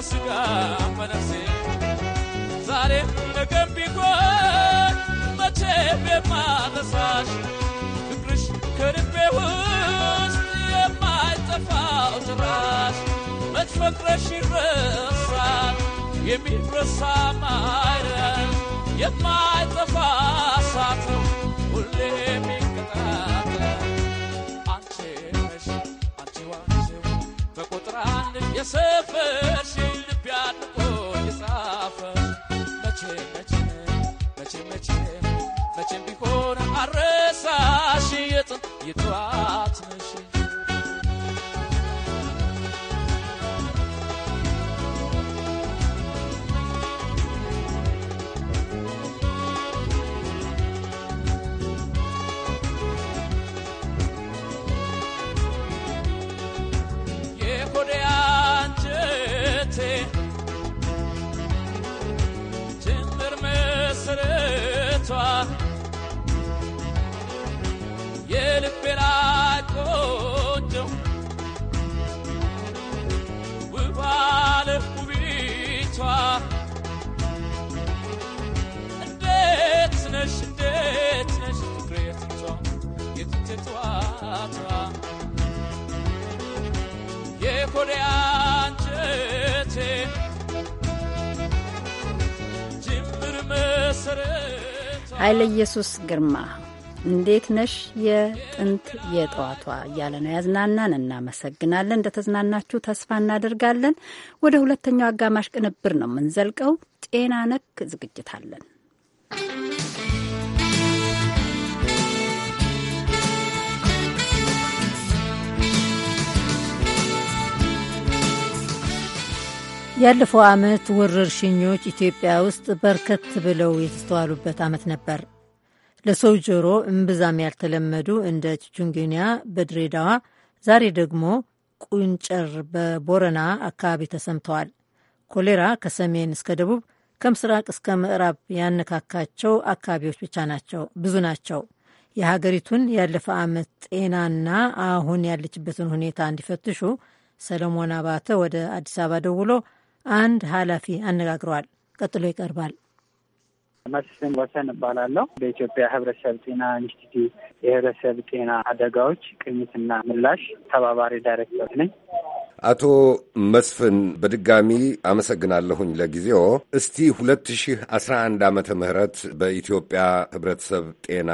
ወስጋ በነፍሴ ዛሬም ነገም ቢሆን መቼም የማረሳሽ ፍቅርሽ ከልቤ ውስጥ የማይጠፋው ጭራሽ መች ፍቅርሽ ይረሳል የሚረሳም አይደል የማይጠፋ እሳት ሁሌ የሚቀጣጠል አንቺ ነሽ አንቺ ዋንቺ በቁጥር አንድ የሰፈር You try. ኃይለ ኢየሱስ ግርማ እንዴት ነሽ? የጥንት የጠዋቷ እያለ ነው ያዝናናን። እናመሰግናለን። እንደተዝናናችሁ ተስፋ እናደርጋለን። ወደ ሁለተኛው አጋማሽ ቅንብር ነው የምንዘልቀው። ጤና ነክ ዝግጅት አለን። ያለፈው ዓመት ወረርሽኞች ኢትዮጵያ ውስጥ በርከት ብለው የተስተዋሉበት ዓመት ነበር። ለሰው ጆሮ እምብዛም ያልተለመዱ እንደ ቺኩንጉንያ በድሬዳዋ ዛሬ ደግሞ ቁንጨር በቦረና አካባቢ ተሰምተዋል። ኮሌራ ከሰሜን እስከ ደቡብ ከምስራቅ እስከ ምዕራብ ያነካካቸው አካባቢዎች ብቻ ናቸው ብዙ ናቸው። የሀገሪቱን ያለፈ ዓመት ጤናና አሁን ያለችበትን ሁኔታ እንዲፈትሹ ሰለሞን አባተ ወደ አዲስ አበባ ደውሎ አንድ ኃላፊ አነጋግረዋል። ቀጥሎ ይቀርባል። መስፍን ወሰን እባላለሁ። በኢትዮጵያ ሕብረተሰብ ጤና ኢንስቲትዩት የሕብረተሰብ ጤና አደጋዎች ቅኝትና ምላሽ ተባባሪ ዳይሬክተር ነኝ። አቶ መስፍን በድጋሚ አመሰግናለሁኝ ለጊዜው። እስቲ ሁለት ሺህ አስራ አንድ ዓመተ ምህረት በኢትዮጵያ ህብረተሰብ ጤና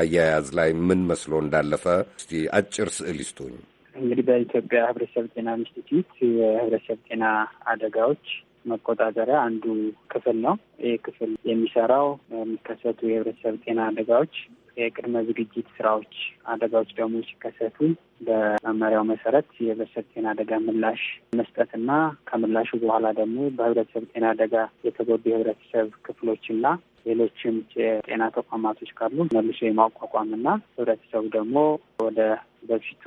አያያዝ ላይ ምን መስሎ እንዳለፈ እስቲ አጭር ስዕል ይስጡኝ። እንግዲህ በኢትዮጵያ ህብረተሰብ ጤና ኢንስቲትዩት የህብረተሰብ ጤና አደጋዎች መቆጣጠሪያ አንዱ ክፍል ነው። ይህ ክፍል የሚሰራው የሚከሰቱ የህብረተሰብ ጤና አደጋዎች የቅድመ ዝግጅት ስራዎች፣ አደጋዎች ደግሞ ሲከሰቱ በመመሪያው መሰረት የህብረተሰብ ጤና አደጋ ምላሽ መስጠትና ከምላሹ በኋላ ደግሞ በህብረተሰብ ጤና አደጋ የተጎዱ የህብረተሰብ ክፍሎችና ሌሎችም የጤና ተቋማቶች ካሉ መልሶ የማቋቋምና ህብረተሰቡ ደግሞ ወደ በፊቱ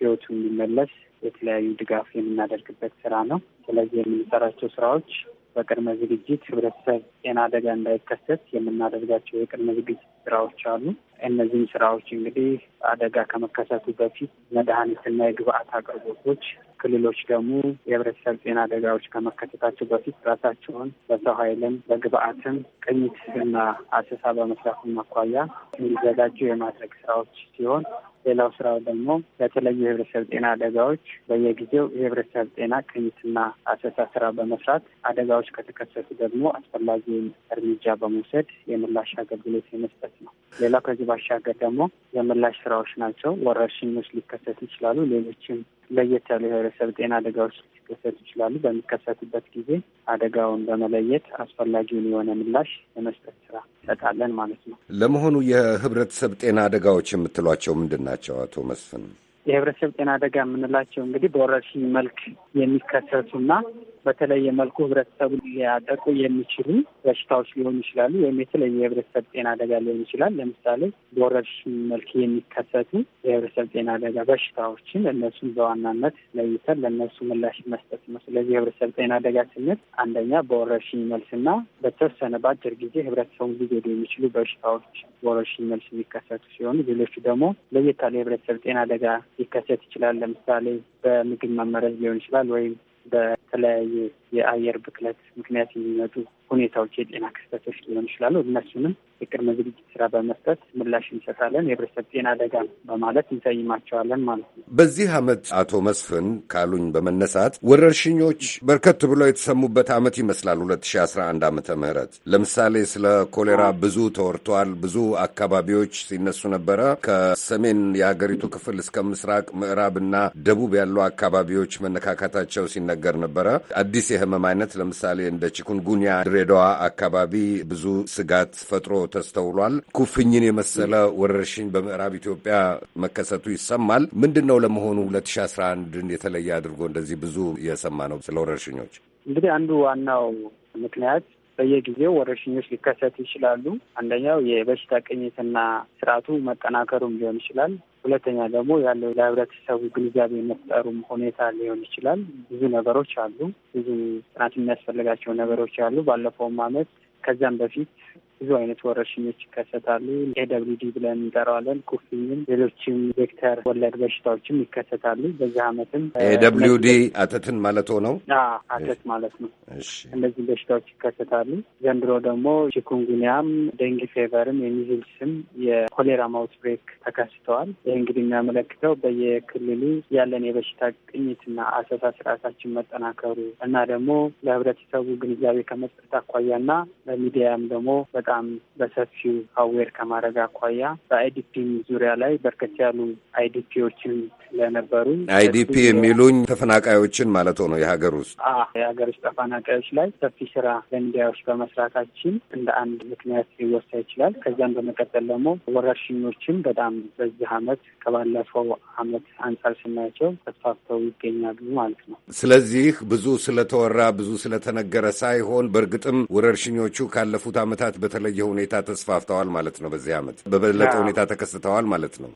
ህይወቱ እንዲመለስ የተለያዩ ድጋፍ የምናደርግበት ስራ ነው። ስለዚህ የምንሰራቸው ስራዎች በቅድመ ዝግጅት ህብረተሰብ ጤና አደጋ እንዳይከሰት የምናደርጋቸው የቅድመ ዝግጅት ስራዎች አሉ። እነዚህም ስራዎች እንግዲህ አደጋ ከመከሰቱ በፊት መድኃኒትና የግብአት አቅርቦቶች ክልሎች ደግሞ የህብረተሰብ ጤና አደጋዎች ከመከሰታቸው በፊት ራሳቸውን በሰው ኃይልም በግብአትም ቅኝት እና አሰሳ በመስራት አኳያ እንዲዘጋጁ የማድረግ ስራዎች ሲሆን ሌላው ስራው ደግሞ በተለዩ የህብረተሰብ ጤና አደጋዎች በየጊዜው የህብረተሰብ ጤና ቅኝትና አሰሳ ስራ በመስራት አደጋዎች ከተከሰቱ ደግሞ አስፈላጊውን እርምጃ በመውሰድ የምላሽ አገልግሎት የመስጠት ነው። ሌላው ከዚህ ባሻገር ደግሞ የምላሽ ስራዎች ናቸው። ወረርሽኞች ሊከሰቱ ይችላሉ። ሌሎችም ለየት ያሉ የህብረተሰብ ጤና አደጋዎች ሊከሰቱ ይችላሉ። በሚከሰቱበት ጊዜ አደጋውን በመለየት አስፈላጊውን የሆነ ምላሽ የመስጠት ስራ ይሰጣለን ማለት ነው። ለመሆኑ የህብረተሰብ ጤና አደጋዎች የምትሏቸው ምንድን ናቸው አቶ መስፍን? የህብረተሰብ ጤና አደጋ የምንላቸው እንግዲህ በወረርሽኝ መልክ የሚከሰቱና በተለየ መልኩ ህብረተሰቡን ሊያጠቁ የሚችሉ በሽታዎች ሊሆኑ ይችላሉ፣ ወይም የተለየ የህብረተሰብ ጤና አደጋ ሊሆን ይችላል። ለምሳሌ በወረርሽኝ መልክ የሚከሰቱ የህብረተሰብ ጤና አደጋ በሽታዎችን እነሱን በዋናነት ለይተን ለእነሱ ምላሽ መስጠት ነው። ስለዚህ የህብረተሰብ ጤና አደጋ ስንል አንደኛ በወረርሽኝ መልስና በተወሰነ በአጭር ጊዜ ህብረተሰቡን ሊጎዱ የሚችሉ በሽታዎች በወረርሽኝ መልስ የሚከሰቱ ሲሆኑ ሌሎቹ ደግሞ ለየት ያለ የህብረተሰብ ጤና አደጋ ሊከሰት ይችላል። ለምሳሌ በምግብ መመረዝ ሊሆን ይችላል ወይም በተለያዩ የአየር ብክለት ምክንያት የሚመጡ ሁኔታዎች፣ የጤና ክስተቶች ሊሆን ይችላሉ። እነሱንም የቅድመ ዝግጅት ስራ በመስጠት ምላሽ እንሰጣለን። የህብረተሰብ ጤና አደጋ በማለት እንሰይማቸዋለን ማለት ነው። በዚህ አመት አቶ መስፍን ካሉኝ በመነሳት ወረርሽኞች በርከት ብለው የተሰሙበት አመት ይመስላል ሁለት ሺ አስራ አንድ ዓመተ ምህረት ለምሳሌ ስለ ኮሌራ ብዙ ተወርተዋል። ብዙ አካባቢዎች ሲነሱ ነበረ። ከሰሜን የሀገሪቱ ክፍል እስከ ምስራቅ ምዕራብና ደቡብ ያሉ አካባቢዎች መነካካታቸው ሲነገር ነበረ። አዲስ የህመም አይነት ለምሳሌ እንደ ቺኩንጉኒያ ድሬዳዋ አካባቢ ብዙ ስጋት ፈጥሮ ተስተውሏል። ኩፍኝን የመሰለ ወረርሽኝ በምዕራብ ኢትዮጵያ መከሰቱ ይሰማል። ምንድን ነው ለመሆኑ 2011 የተለየ አድርጎ እንደዚህ ብዙ የሰማ ነው ስለ ወረርሽኞች? እንግዲህ አንዱ ዋናው ምክንያት በየጊዜው ወረርሽኞች ሊከሰቱ ይችላሉ። አንደኛው የበሽታ ቅኝትና ስርዓቱ መጠናከሩም ሊሆን ይችላል። ሁለተኛ ደግሞ ያለው ለህብረተሰቡ ግንዛቤ መፍጠሩም ሁኔታ ሊሆን ይችላል። ብዙ ነገሮች አሉ። ብዙ ጥናት የሚያስፈልጋቸው ነገሮች አሉ። ባለፈውም አመት ከዚያም በፊት ብዙ አይነት ወረርሽኞች ይከሰታሉ። ኤደብሊዲ ብለን እንጠራዋለን። ኩፍኝም፣ ሌሎችም ቬክተር ወለድ በሽታዎችም ይከሰታሉ። በዚህ አመትም ኤደብሊዲ አተትን ማለት ነው። አተት ማለት ነው። እነዚህ በሽታዎች ይከሰታሉ። ዘንድሮ ደግሞ ቺኩንጉኒያም፣ ደንግ ፌቨርም፣ የሚዝልስም የኮሌራ አውትብሬክ ተከስተዋል። ይህ እንግዲህ የሚያመለክተው በየክልሉ ያለን የበሽታ ቅኝትና አሰሳ ስርዓታችን መጠናከሩ እና ደግሞ ለህብረተሰቡ ግንዛቤ ከመስጠት አኳያና በሚዲያም ደግሞ በጣም በጣም በሰፊው አዌር ከማድረግ አኳያ በአይዲፒ ዙሪያ ላይ በርከት ያሉ አይዲፒዎችን ስለነበሩ አይዲፒ የሚሉኝ ተፈናቃዮችን ማለት ነው የሀገር ውስጥ የሀገር ውስጥ ተፈናቃዮች ላይ ሰፊ ስራ ለሚዲያዎች በመስራታችን እንደ አንድ ምክንያት ሊወሳ ይችላል። ከዚያም በመቀጠል ደግሞ ወረርሽኞችን በጣም በዚህ አመት ከባለፈው አመት አንጻር ስናያቸው ተስፋፍተው ይገኛሉ ማለት ነው። ስለዚህ ብዙ ስለተወራ ብዙ ስለተነገረ ሳይሆን በእርግጥም ወረርሽኞቹ ካለፉት አመታት በተ በተለየ ሁኔታ ተስፋፍተዋል ማለት ነው። በዚህ ዓመት በበለጠ ሁኔታ ተከስተዋል ማለት ነው።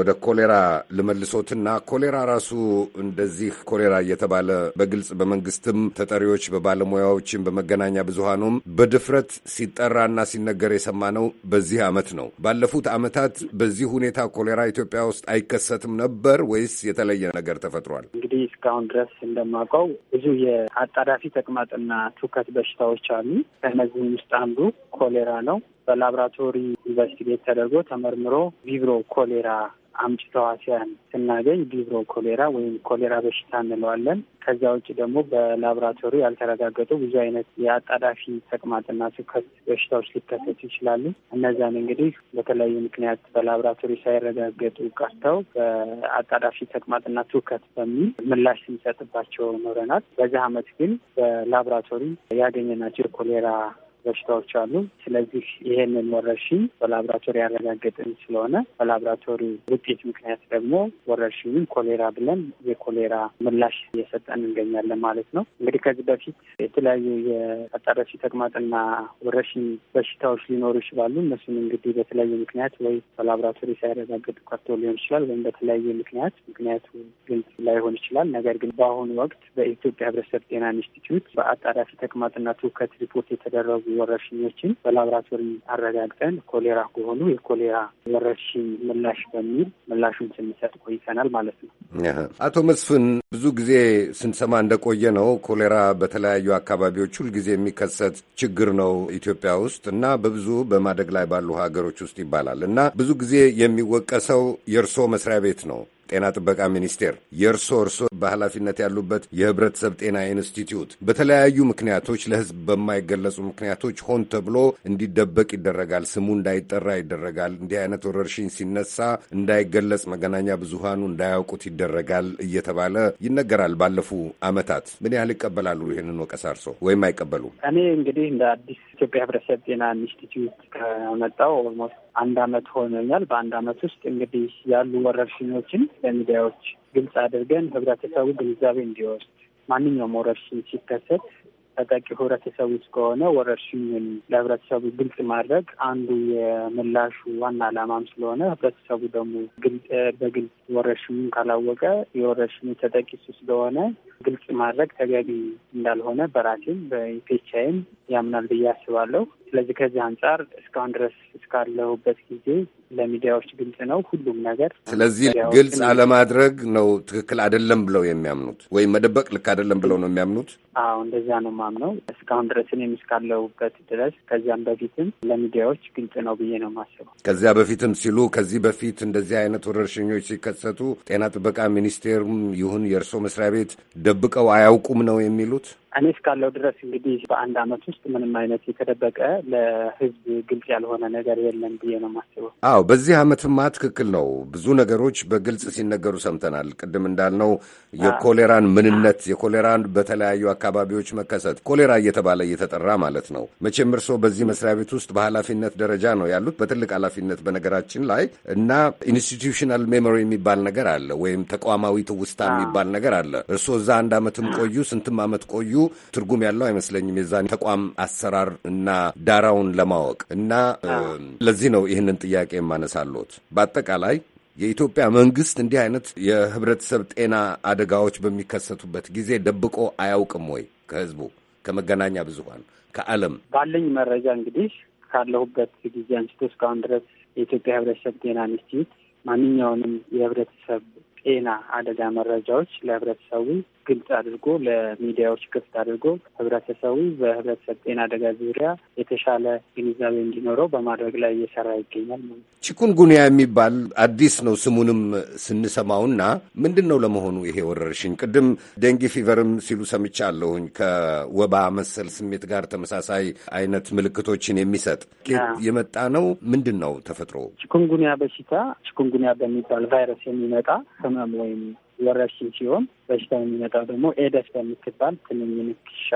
ወደ ኮሌራ ልመልሶትና ኮሌራ ራሱ እንደዚህ ኮሌራ እየተባለ በግልጽ በመንግስትም ተጠሪዎች፣ በባለሙያዎችም፣ በመገናኛ ብዙሃኑም በድፍረት ሲጠራና ሲነገር የሰማነው በዚህ ዓመት ነው። ባለፉት ዓመታት በዚህ ሁኔታ ኮሌራ ኢትዮጵያ ውስጥ አይከሰትም ነበር ወይስ የተለየ ነገር ተፈጥሯል? እንግዲህ እስካሁን ድረስ እንደማውቀው ብዙ የአጣዳፊ ተቅማጥና ትውከት በሽታዎች አሉ። ከእነዚህም ውስጥ አንዱ ኮሌራ ኮሌራ ነው። በላብራቶሪ ኢንቨስቲጌት ተደርጎ ተመርምሮ ቪብሮ ኮሌራ አምጪ ተዋሲያን ስናገኝ ቪብሮ ኮሌራ ወይም ኮሌራ በሽታ እንለዋለን። ከዛ ውጭ ደግሞ በላብራቶሪ ያልተረጋገጡ ብዙ አይነት የአጣዳፊ ተቅማጥና ትውከት በሽታዎች ሊከሰቱ ይችላሉ። እነዚያን እንግዲህ በተለያዩ ምክንያት በላብራቶሪ ሳይረጋገጡ ቀርተው በአጣዳፊ ተቅማጥና ትውከት በሚል ምላሽ ስንሰጥባቸው ኖረናል። በዚህ አመት ግን በላብራቶሪ ያገኘናቸው የኮሌራ በሽታዎች አሉ። ስለዚህ ይሄንን ወረርሽኝ በላብራቶሪ ያረጋገጥን ስለሆነ በላብራቶሪ ውጤት ምክንያት ደግሞ ወረርሽኙን ኮሌራ ብለን የኮሌራ ምላሽ እየሰጠን እንገኛለን ማለት ነው። እንግዲህ ከዚህ በፊት የተለያዩ የአጣዳፊ ተቅማጥና ወረርሽኝ በሽታዎች ሊኖሩ ይችላሉ። እነሱም እንግዲህ በተለያዩ ምክንያት ወይ በላብራቶሪ ሳይረጋገጥ ቀርቶ ሊሆን ይችላል ወይም በተለያዩ ምክንያት ምክንያቱ ግልጽ ላይሆን ይችላል። ነገር ግን በአሁኑ ወቅት በኢትዮጵያ ሕብረተሰብ ጤና ኢንስቲትዩት በአጣዳፊ ተቅማጥና ትውከት ሪፖርት የተደረጉ ወረርሽኞችን በላብራቶሪ አረጋግጠን ኮሌራ ከሆኑ የኮሌራ ወረርሽኝ ምላሽ በሚል ምላሹን ስንሰጥ ቆይተናል ማለት ነው። አቶ መስፍን ብዙ ጊዜ ስንሰማ እንደቆየ ነው ኮሌራ በተለያዩ አካባቢዎች ሁልጊዜ የሚከሰት ችግር ነው ኢትዮጵያ ውስጥ እና በብዙ በማደግ ላይ ባሉ ሀገሮች ውስጥ ይባላል እና ብዙ ጊዜ የሚወቀሰው የእርሶ መስሪያ ቤት ነው። ጤና ጥበቃ ሚኒስቴር፣ የእርሶ እርሶ በኃላፊነት ያሉበት የህብረተሰብ ጤና ኢንስቲትዩት በተለያዩ ምክንያቶች ለህዝብ በማይገለጹ ምክንያቶች ሆን ተብሎ እንዲደበቅ ይደረጋል፣ ስሙ እንዳይጠራ ይደረጋል፣ እንዲህ አይነት ወረርሽኝ ሲነሳ እንዳይገለጽ መገናኛ ብዙሃኑ እንዳያውቁት ይደረጋል እየተባለ ይነገራል። ባለፉ አመታት ምን ያህል ይቀበላሉ ይህንን ወቀሳ እርሶ ወይም አይቀበሉም? እኔ እንግዲህ እንደ አዲስ ኢትዮጵያ ህብረተሰብ ጤና ኢንስቲትዩት ከመጣው ኦልሞስት አንድ አመት ሆኖኛል። በአንድ አመት ውስጥ እንግዲህ ያሉ ወረርሽኞችን ለሚዲያዎች ግልጽ አድርገን ህብረተሰቡ ግንዛቤ እንዲወስድ ማንኛውም ወረርሽኝ ሲከሰት ተጠቂ ህብረተሰቡ ከሆነ ወረርሽኙን ለህብረተሰቡ ግልጽ ማድረግ አንዱ የምላሹ ዋና አላማም ስለሆነ ህብረተሰቡ ደግሞ በግልጽ ወረርሽኙን ካላወቀ የወረርሽኙ ተጠቂ እሱ ስለሆነ ግልጽ ማድረግ ተገቢ እንዳልሆነ በራሴም በኢፔቻይም ያምናል ብዬ አስባለሁ። ስለዚህ ከዚህ አንጻር እስካሁን ድረስ እስካለሁበት ጊዜ ለሚዲያዎች ግልጽ ነው ሁሉም ነገር። ስለዚህ ግልጽ አለማድረግ ነው ትክክል አይደለም ብለው የሚያምኑት ወይም መደበቅ ልክ አይደለም ብለው ነው የሚያምኑት? አዎ እንደዚያ ነው ማምነው። እስካሁን ድረስ እኔም እስካለሁበት ድረስ ከዚያም በፊትም ለሚዲያዎች ግልጽ ነው ብዬ ነው ማስበው። ከዚያ በፊትም ሲሉ ከዚህ በፊት እንደዚህ አይነት ወረርሽኞች ሲከሰቱ ጤና ጥበቃ ሚኒስቴርም ይሁን የእርስዎ መስሪያ ቤት ደብቀው አያውቁም ነው የሚሉት? እኔ እስካለው ድረስ እንግዲህ በአንድ አመት ውስጥ ምንም አይነት የተደበቀ ለህዝብ ግልጽ ያልሆነ ነገር የለም ብዬ ነው የማስበው። አዎ በዚህ አመትማ ትክክል ነው። ብዙ ነገሮች በግልጽ ሲነገሩ ሰምተናል። ቅድም እንዳልነው የኮሌራን ምንነት፣ የኮሌራን በተለያዩ አካባቢዎች መከሰት፣ ኮሌራ እየተባለ እየተጠራ ማለት ነው። መቼም እርስዎ በዚህ መስሪያ ቤት ውስጥ በኃላፊነት ደረጃ ነው ያሉት፣ በትልቅ ኃላፊነት በነገራችን ላይ እና ኢንስቲትዩሽናል ሜሞሪ የሚባል ነገር አለ ወይም ተቋማዊ ትውስታ የሚባል ነገር አለ። እርስዎ እዛ አንድ አመትም ቆዩ ስንትም አመት ቆዩ፣ ትርጉም ያለው አይመስለኝም የዛን ተቋም አሰራር እና ዳራውን ለማወቅ እና ለዚህ ነው ይህንን ጥያቄ የማነሳለት። በአጠቃላይ የኢትዮጵያ መንግስት እንዲህ አይነት የህብረተሰብ ጤና አደጋዎች በሚከሰቱበት ጊዜ ደብቆ አያውቅም ወይ? ከህዝቡ፣ ከመገናኛ ብዙሀን ከዓለም ባለኝ መረጃ እንግዲህ ካለሁበት ጊዜ አንስቶ እስካሁን ድረስ የኢትዮጵያ ህብረተሰብ ጤና ኢንስቲትዩት ማንኛውንም የህብረተሰብ ጤና አደጋ መረጃዎች ለህብረተሰቡ ግልጽ አድርጎ ለሚዲያዎች ክፍት አድርጎ ህብረተሰቡ በህብረተሰብ ጤና አደጋ ዙሪያ የተሻለ ግንዛቤ እንዲኖረው በማድረግ ላይ እየሰራ ይገኛል ቺኩንጉንያ የሚባል አዲስ ነው ስሙንም ስንሰማውና ምንድን ነው ለመሆኑ ይሄ ወረርሽኝ? ቅድም ደንጊ ፊቨርም ሲሉ ሰምቻለሁኝ ከወባ መሰል ስሜት ጋር ተመሳሳይ አይነት ምልክቶችን የሚሰጥ የመጣ ነው። ምንድን ነው ተፈጥሮ? ቺኩንጉንያ በሽታ ቺኩንጉንያ በሚባል ቫይረስ የሚመጣ ህመም ወይም ወረርሽኝ ሲሆን በሽታው የሚመጣው ደግሞ ኤደስ በምትባል ትንኝ ንክሻ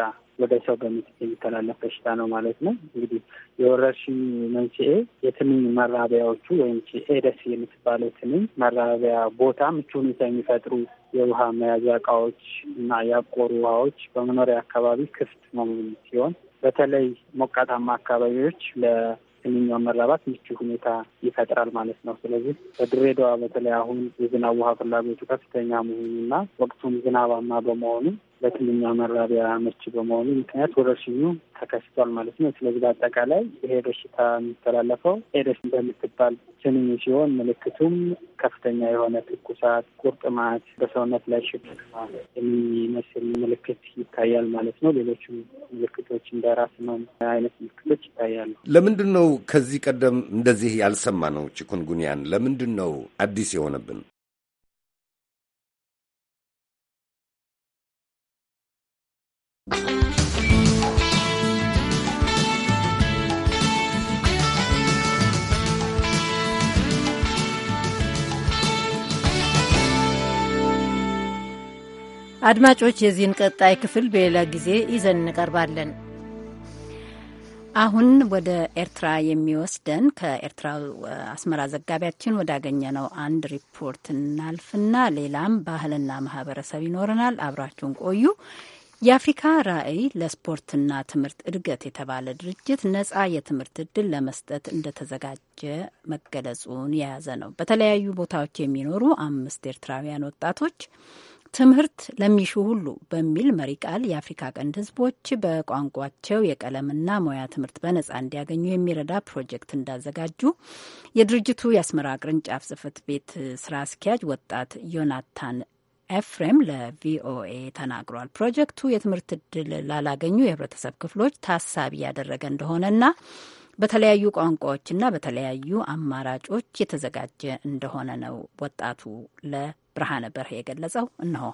ወደ ሰው የሚተላለፍ በሽታ ነው ማለት ነው። እንግዲህ የወረርሽኝ መንስኤ የትንኝ መራቢያዎቹ ወይም ኤደስ የምትባለው ትንኝ መራቢያ ቦታ ምቹ ሁኔታ የሚፈጥሩ የውሃ መያዣ እቃዎች እና ያቆሩ ውሃዎች በመኖሪያ አካባቢ ክፍት መሆኑ ሲሆን በተለይ ሞቃታማ አካባቢዎች ስምኛው መራባት ምቹ ሁኔታ ይፈጥራል ማለት ነው። ስለዚህ በድሬዳዋ በተለይ አሁን የዝናብ ውሃ ፍላጎቱ ከፍተኛ መሆኑና ወቅቱም ዝናባማ በመሆኑ ለትንኛ መራቢያ መች በመሆኑ ምክንያት ወረርሽኙ ተከስቷል ማለት ነው። ስለዚህ በአጠቃላይ ይሄ በሽታ የሚተላለፈው ኤደስ በምትባል ትንኝ ሲሆን ምልክቱም ከፍተኛ የሆነ ትኩሳት፣ ቁርጥማት፣ በሰውነት ላይ ሽፍታ የሚመስል ምልክት ይታያል ማለት ነው። ሌሎችም ምልክቶች እንደ ራስ ህመም አይነት ምልክቶች ይታያሉ። ለምንድን ነው ከዚህ ቀደም እንደዚህ ያልሰማ ነው? ቺኩንጉንያን ለምንድን ነው አዲስ የሆነብን? አድማጮች የዚህን ቀጣይ ክፍል በሌላ ጊዜ ይዘን እንቀርባለን። አሁን ወደ ኤርትራ የሚወስደን ከኤርትራ አስመራ ዘጋቢያችን ወዳገኘነው አንድ ሪፖርት እናልፍና ሌላም ባህልና ማህበረሰብ ይኖረናል። አብራችሁን ቆዩ። የአፍሪካ ራዕይ ለስፖርትና ትምህርት እድገት የተባለ ድርጅት ነጻ የትምህርት እድል ለመስጠት እንደተዘጋጀ መገለጹን የያዘ ነው። በተለያዩ ቦታዎች የሚኖሩ አምስት ኤርትራውያን ወጣቶች ትምህርት ለሚሹ ሁሉ በሚል መሪ ቃል የአፍሪካ ቀንድ ህዝቦች በቋንቋቸው የቀለምና ሙያ ትምህርት በነጻ እንዲያገኙ የሚረዳ ፕሮጀክት እንዳዘጋጁ የድርጅቱ የአስመራ ቅርንጫፍ ጽህፈት ቤት ስራ አስኪያጅ ወጣት ዮናታን ኤፍሬም ለቪኦኤ ተናግሯል። ፕሮጀክቱ የትምህርት እድል ላላገኙ የህብረተሰብ ክፍሎች ታሳቢ ያደረገ እንደሆነና በተለያዩ ቋንቋዎችና በተለያዩ አማራጮች የተዘጋጀ እንደሆነ ነው ወጣቱ ለ ብርሃነ በርሄ የገለጸው እነሆ።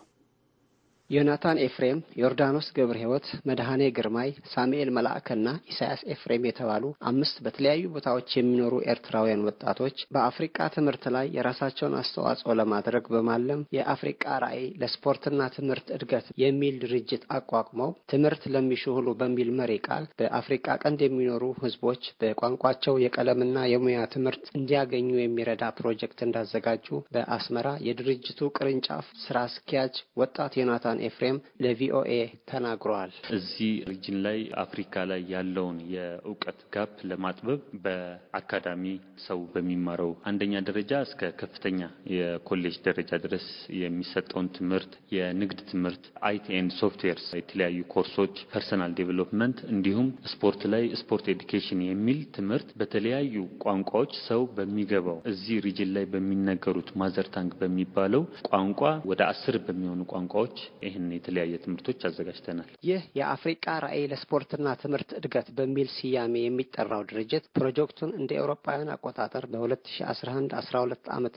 ዮናታን ኤፍሬም፣ ዮርዳኖስ ገብረ ህይወት መድሃኔ ግርማይ፣ ሳሙኤል መልአከና ኢሳያስ ኤፍሬም የተባሉ አምስት በተለያዩ ቦታዎች የሚኖሩ ኤርትራውያን ወጣቶች በአፍሪቃ ትምህርት ላይ የራሳቸውን አስተዋጽኦ ለማድረግ በማለም የአፍሪቃ ራዕይ ለስፖርትና ትምህርት እድገት የሚል ድርጅት አቋቁመው ትምህርት ለሚሹ ሁሉ በሚል መሪ ቃል በአፍሪቃ ቀንድ የሚኖሩ ህዝቦች በቋንቋቸው የቀለምና የሙያ ትምህርት እንዲያገኙ የሚረዳ ፕሮጀክት እንዳዘጋጁ በአስመራ የድርጅቱ ቅርንጫፍ ስራ አስኪያጅ ወጣት ዮናታን ብርቱካን ኤፍሬም ለቪኦኤ ተናግረዋል። እዚህ ሪጅን ላይ አፍሪካ ላይ ያለውን የእውቀት ጋፕ ለማጥበብ በአካዳሚ ሰው በሚማረው አንደኛ ደረጃ እስከ ከፍተኛ የኮሌጅ ደረጃ ድረስ የሚሰጠውን ትምህርት፣ የንግድ ትምህርት፣ አይቲ ኤንድ ሶፍትዌርስ፣ የተለያዩ ኮርሶች፣ ፐርሰናል ዴቨሎፕመንት እንዲሁም ስፖርት ላይ ስፖርት ኤዱኬሽን የሚል ትምህርት በተለያዩ ቋንቋዎች ሰው በሚገባው እዚህ ሪጅን ላይ በሚነገሩት ማዘርታንግ በሚባለው ቋንቋ ወደ አስር በሚሆኑ ቋንቋዎች ይህን የተለያየ ትምህርቶች አዘጋጅተናል። ይህ የአፍሪቃ ራዕይ ለስፖርትና ትምህርት እድገት በሚል ስያሜ የሚጠራው ድርጅት ፕሮጀክቱን እንደ ኤውሮጳውያን አቆጣጠር በ2011 12 ዓ ም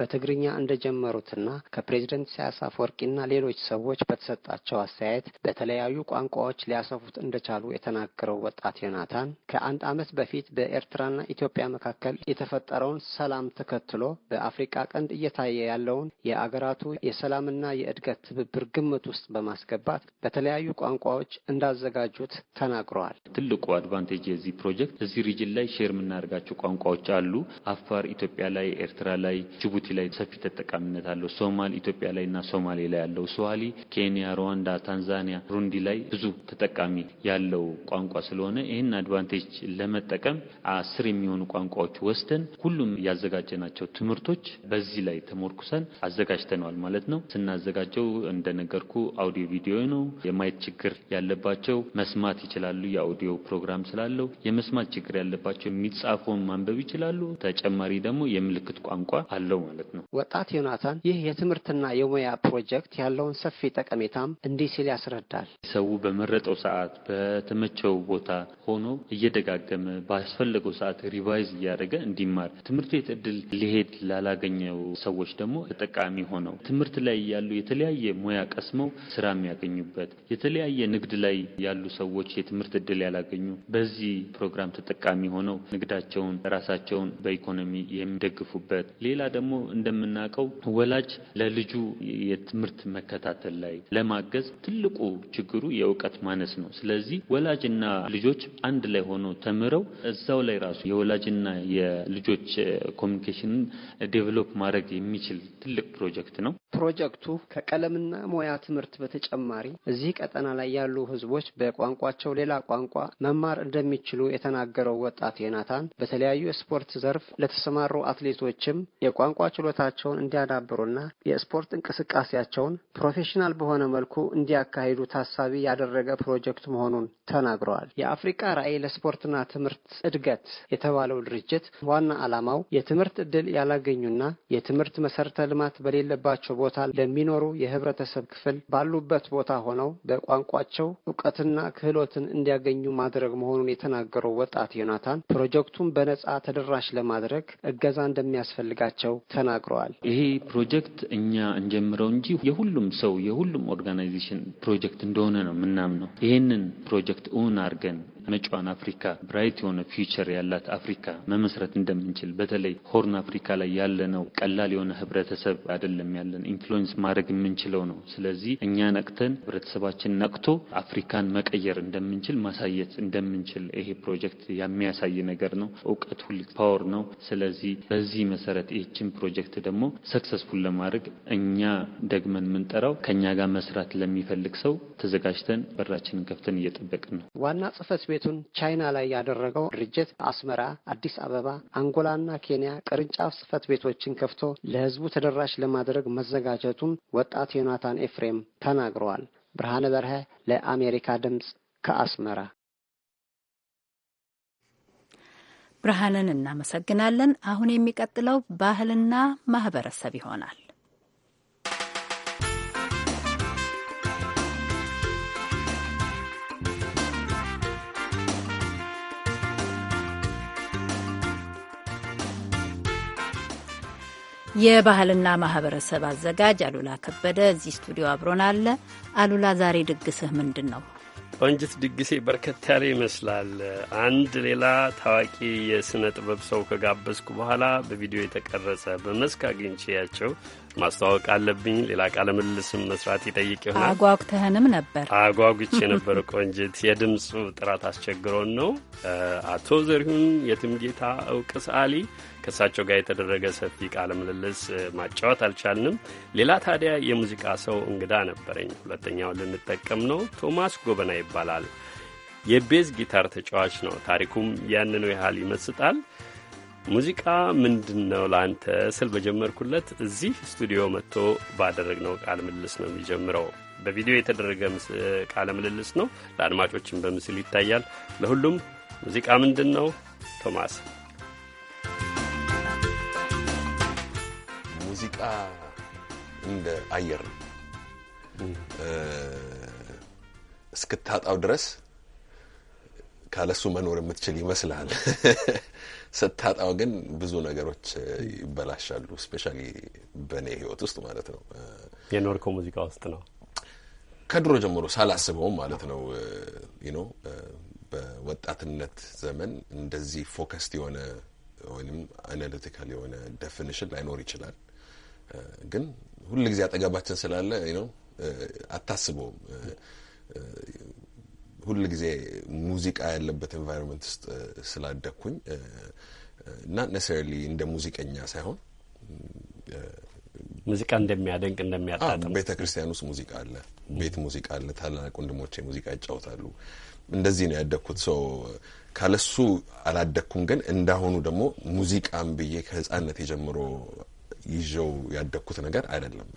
በትግርኛ እንደጀመሩትና ከፕሬዚደንት ኢሳያስ አፈወርቂና ሌሎች ሰዎች በተሰጣቸው አስተያየት በተለያዩ ቋንቋዎች ሊያሰፉት እንደቻሉ የተናገረው ወጣት ዮናታን ከአንድ ዓመት በፊት በኤርትራና ኢትዮጵያ መካከል የተፈጠረውን ሰላም ተከትሎ በአፍሪቃ ቀንድ እየታየ ያለውን የአገራቱ የሰላምና የእድገት ትብብር ግ ግምት ውስጥ በማስገባት በተለያዩ ቋንቋዎች እንዳዘጋጁት ተናግረዋል። ትልቁ አድቫንቴጅ የዚህ ፕሮጀክት እዚህ ሪጅን ላይ ሼር የምናደርጋቸው ቋንቋዎች አሉ። አፋር ኢትዮጵያ ላይ፣ ኤርትራ ላይ፣ ጅቡቲ ላይ ሰፊ ተጠቃሚነት አለው። ሶማል ኢትዮጵያ ላይ እና ሶማሌ ላይ ያለው ሶዋሊ፣ ኬንያ፣ ሩዋንዳ፣ ታንዛኒያ፣ ሩንዲ ላይ ብዙ ተጠቃሚ ያለው ቋንቋ ስለሆነ ይህን አድቫንቴጅ ለመጠቀም አስር የሚሆኑ ቋንቋዎች ወስደን ሁሉም ያዘጋጀናቸው ትምህርቶች በዚህ ላይ ተሞርኩሰን አዘጋጅተነዋል ማለት ነው። ስናዘጋጀው እንደነገር እንደነገርኩ አውዲዮ ቪዲዮ ነው። የማየት ችግር ያለባቸው መስማት ይችላሉ። የአውዲዮ ፕሮግራም ስላለው የመስማት ችግር ያለባቸው የሚጻፈውን ማንበብ ይችላሉ። ተጨማሪ ደግሞ የምልክት ቋንቋ አለው ማለት ነው። ወጣት ዮናታን ይህ የትምህርትና የሙያ ፕሮጀክት ያለውን ሰፊ ጠቀሜታም እንዲህ ሲል ያስረዳል። ሰው በመረጠው ሰዓት በተመቸው ቦታ ሆኖ እየደጋገመ ባስፈለገው ሰዓት ሪቫይዝ እያደረገ እንዲማር ትምህርት ቤት እድል ሊሄድ ላላገኘው ሰዎች ደግሞ ተጠቃሚ ሆነው ትምህርት ላይ ያሉ የተለያየ ሙያ ቀስ ተሳስመው ስራ የሚያገኙበት የተለያየ ንግድ ላይ ያሉ ሰዎች የትምህርት እድል ያላገኙ በዚህ ፕሮግራም ተጠቃሚ ሆነው ንግዳቸውን ራሳቸውን በኢኮኖሚ የሚደግፉበት፣ ሌላ ደግሞ እንደምናውቀው ወላጅ ለልጁ የትምህርት መከታተል ላይ ለማገዝ ትልቁ ችግሩ የእውቀት ማነስ ነው። ስለዚህ ወላጅና ልጆች አንድ ላይ ሆኖ ተምረው እዛው ላይ ራሱ የወላጅና የልጆች ኮሚኒኬሽንን ዴቨሎፕ ማድረግ የሚችል ትልቅ ፕሮጀክት ነው። ፕሮጀክቱ ከቀለምና ሙያ ትምህርት በተጨማሪ እዚህ ቀጠና ላይ ያሉ ህዝቦች በቋንቋቸው ሌላ ቋንቋ መማር እንደሚችሉ የተናገረው ወጣት ዮናታን በተለያዩ የስፖርት ዘርፍ ለተሰማሩ አትሌቶችም የቋንቋ ችሎታቸውን እንዲያዳብሩና የስፖርት እንቅስቃሴያቸውን ፕሮፌሽናል በሆነ መልኩ እንዲያካሂዱ ታሳቢ ያደረገ ፕሮጀክት መሆኑን ተናግረዋል። የአፍሪቃ ራዕይ ለስፖርትና ትምህርት እድገት የተባለው ድርጅት ዋና ዓላማው የትምህርት እድል ያላገኙና የትምህርት መሰረተ ልማት በሌለባቸው ቦታ ለሚኖሩ የህብረተሰብ ክፍል ያክል ባሉበት ቦታ ሆነው በቋንቋቸው እውቀትና ክህሎትን እንዲያገኙ ማድረግ መሆኑን የተናገረው ወጣት ዮናታን ፕሮጀክቱን በነጻ ተደራሽ ለማድረግ እገዛ እንደሚያስፈልጋቸው ተናግረዋል። ይሄ ፕሮጀክት እኛ እንጀምረው እንጂ የሁሉም ሰው የሁሉም ኦርጋናይዜሽን ፕሮጀክት እንደሆነ ነው ምናምነው። ይህንን ፕሮጀክት እውን አድርገን መጪዋን አፍሪካ ብራይት የሆነ ፊውቸር ያላት አፍሪካ መመስረት እንደምንችል በተለይ ሆርን አፍሪካ ላይ ነው ቀላል የሆነ ህብረተሰብ አይደለም ያለን ኢንፍሉዌንስ ማድረግ የምንችለው ነው። ስለዚህ እኛ ነቅተን ህብረተሰባችን ነቅቶ አፍሪካን መቀየር እንደምንችል ማሳየት እንደምንችል ይሄ ፕሮጀክት የሚያሳይ ነገር ነው። እውቀት ሁል ፓወር ነው። ስለዚህ በዚህ መሰረት ይህችን ፕሮጀክት ደግሞ ሰክሰስፉል ለማድረግ እኛ ደግመን የምንጠራው ከእኛ ጋር መስራት ለሚፈልግ ሰው ተዘጋጅተን በራችንን ከፍተን እየጠበቅን ነው ዋና ጽፈት ቤቱን ቻይና ላይ ያደረገው ድርጅት አስመራ፣ አዲስ አበባ፣ አንጎላና ኬንያ ቅርንጫፍ ጽህፈት ቤቶችን ከፍቶ ለህዝቡ ተደራሽ ለማድረግ መዘጋጀቱን ወጣት ዮናታን ኤፍሬም ተናግረዋል። ብርሃነ በርሀ ለአሜሪካ ድምፅ ከአስመራ። ብርሃንን እናመሰግናለን። አሁን የሚቀጥለው ባህልና ማህበረሰብ ይሆናል። የባህልና ማህበረሰብ አዘጋጅ አሉላ ከበደ እዚህ ስቱዲዮ አብሮን አለ። አሉላ፣ ዛሬ ድግስህ ምንድን ነው? ቆንጅት፣ ድግሴ በርከት ያለ ይመስላል። አንድ ሌላ ታዋቂ የሥነ ጥበብ ሰው ከጋበዝኩ በኋላ በቪዲዮ የተቀረጸ በመስክ አግኝቼያቸው ማስተዋወቅ አለብኝ። ሌላ ቃለ ምልልስም መስራት ይጠይቅ ይሆናል። አጓጉተህንም ነበር። አጓጉቼ ነበር ቆንጅት። የድምፁ ጥራት አስቸግሮን ነው። አቶ ዘሪሁን የትምጌታ እውቅ ሰዓሊ ከእሳቸው ጋር የተደረገ ሰፊ ቃለ ምልልስ ማጫወት አልቻልንም። ሌላ ታዲያ የሙዚቃ ሰው እንግዳ ነበረኝ። ሁለተኛውን ልንጠቀም ነው። ቶማስ ጎበና ይባላል። የቤዝ ጊታር ተጫዋች ነው። ታሪኩም ያንኑ ያህል ይመስጣል። ሙዚቃ ምንድን ነው ለአንተ ስል በጀመርኩለት እዚህ ስቱዲዮ መጥቶ ባደረግነው ቃለ ምልልስ ነው የሚጀምረው። በቪዲዮ የተደረገ ቃለ ምልልስ ነው፣ ለአድማጮችም በምስል ይታያል። ለሁሉም ሙዚቃ ምንድን ነው ቶማስ ሙዚቃ እንደ አየር ነው። እስክታጣው ድረስ ካለሱ መኖር የምትችል ይመስላል። ስታጣው ግን ብዙ ነገሮች ይበላሻሉ። እስፔሻሊ በእኔ ህይወት ውስጥ ማለት ነው። የኖርከው ሙዚቃ ውስጥ ነው ከድሮ ጀምሮ ሳላስበውም ማለት ነው። ዩኖ በወጣትነት ዘመን እንደዚህ ፎከስድ የሆነ ወይም አናሊቲካል የሆነ ደፊኒሽን ላይኖር ይችላል። ግን ሁል ጊዜ አጠገባችን ስላለ ነው አታስበውም። ሁል ጊዜ ሙዚቃ ያለበት ኤንቫይሮንመንት ውስጥ ስላደግኩኝ እና ነሰሪሊ እንደ ሙዚቀኛ ሳይሆን ሙዚቃ እንደሚያደንቅ እንደሚያጣጥም ቤተ ክርስቲያን ውስጥ ሙዚቃ አለ፣ ቤት ሙዚቃ አለ። ታላላቅ ወንድሞቼ ሙዚቃ ይጫወታሉ። እንደዚህ ነው ያደግኩት። ሰው ካለሱ አላደግኩም። ግን እንዳሁኑ ደግሞ ሙዚቃም ብዬ ከህጻነት የጀምሮ ይዘው ያደግኩት ነገር አይደለም።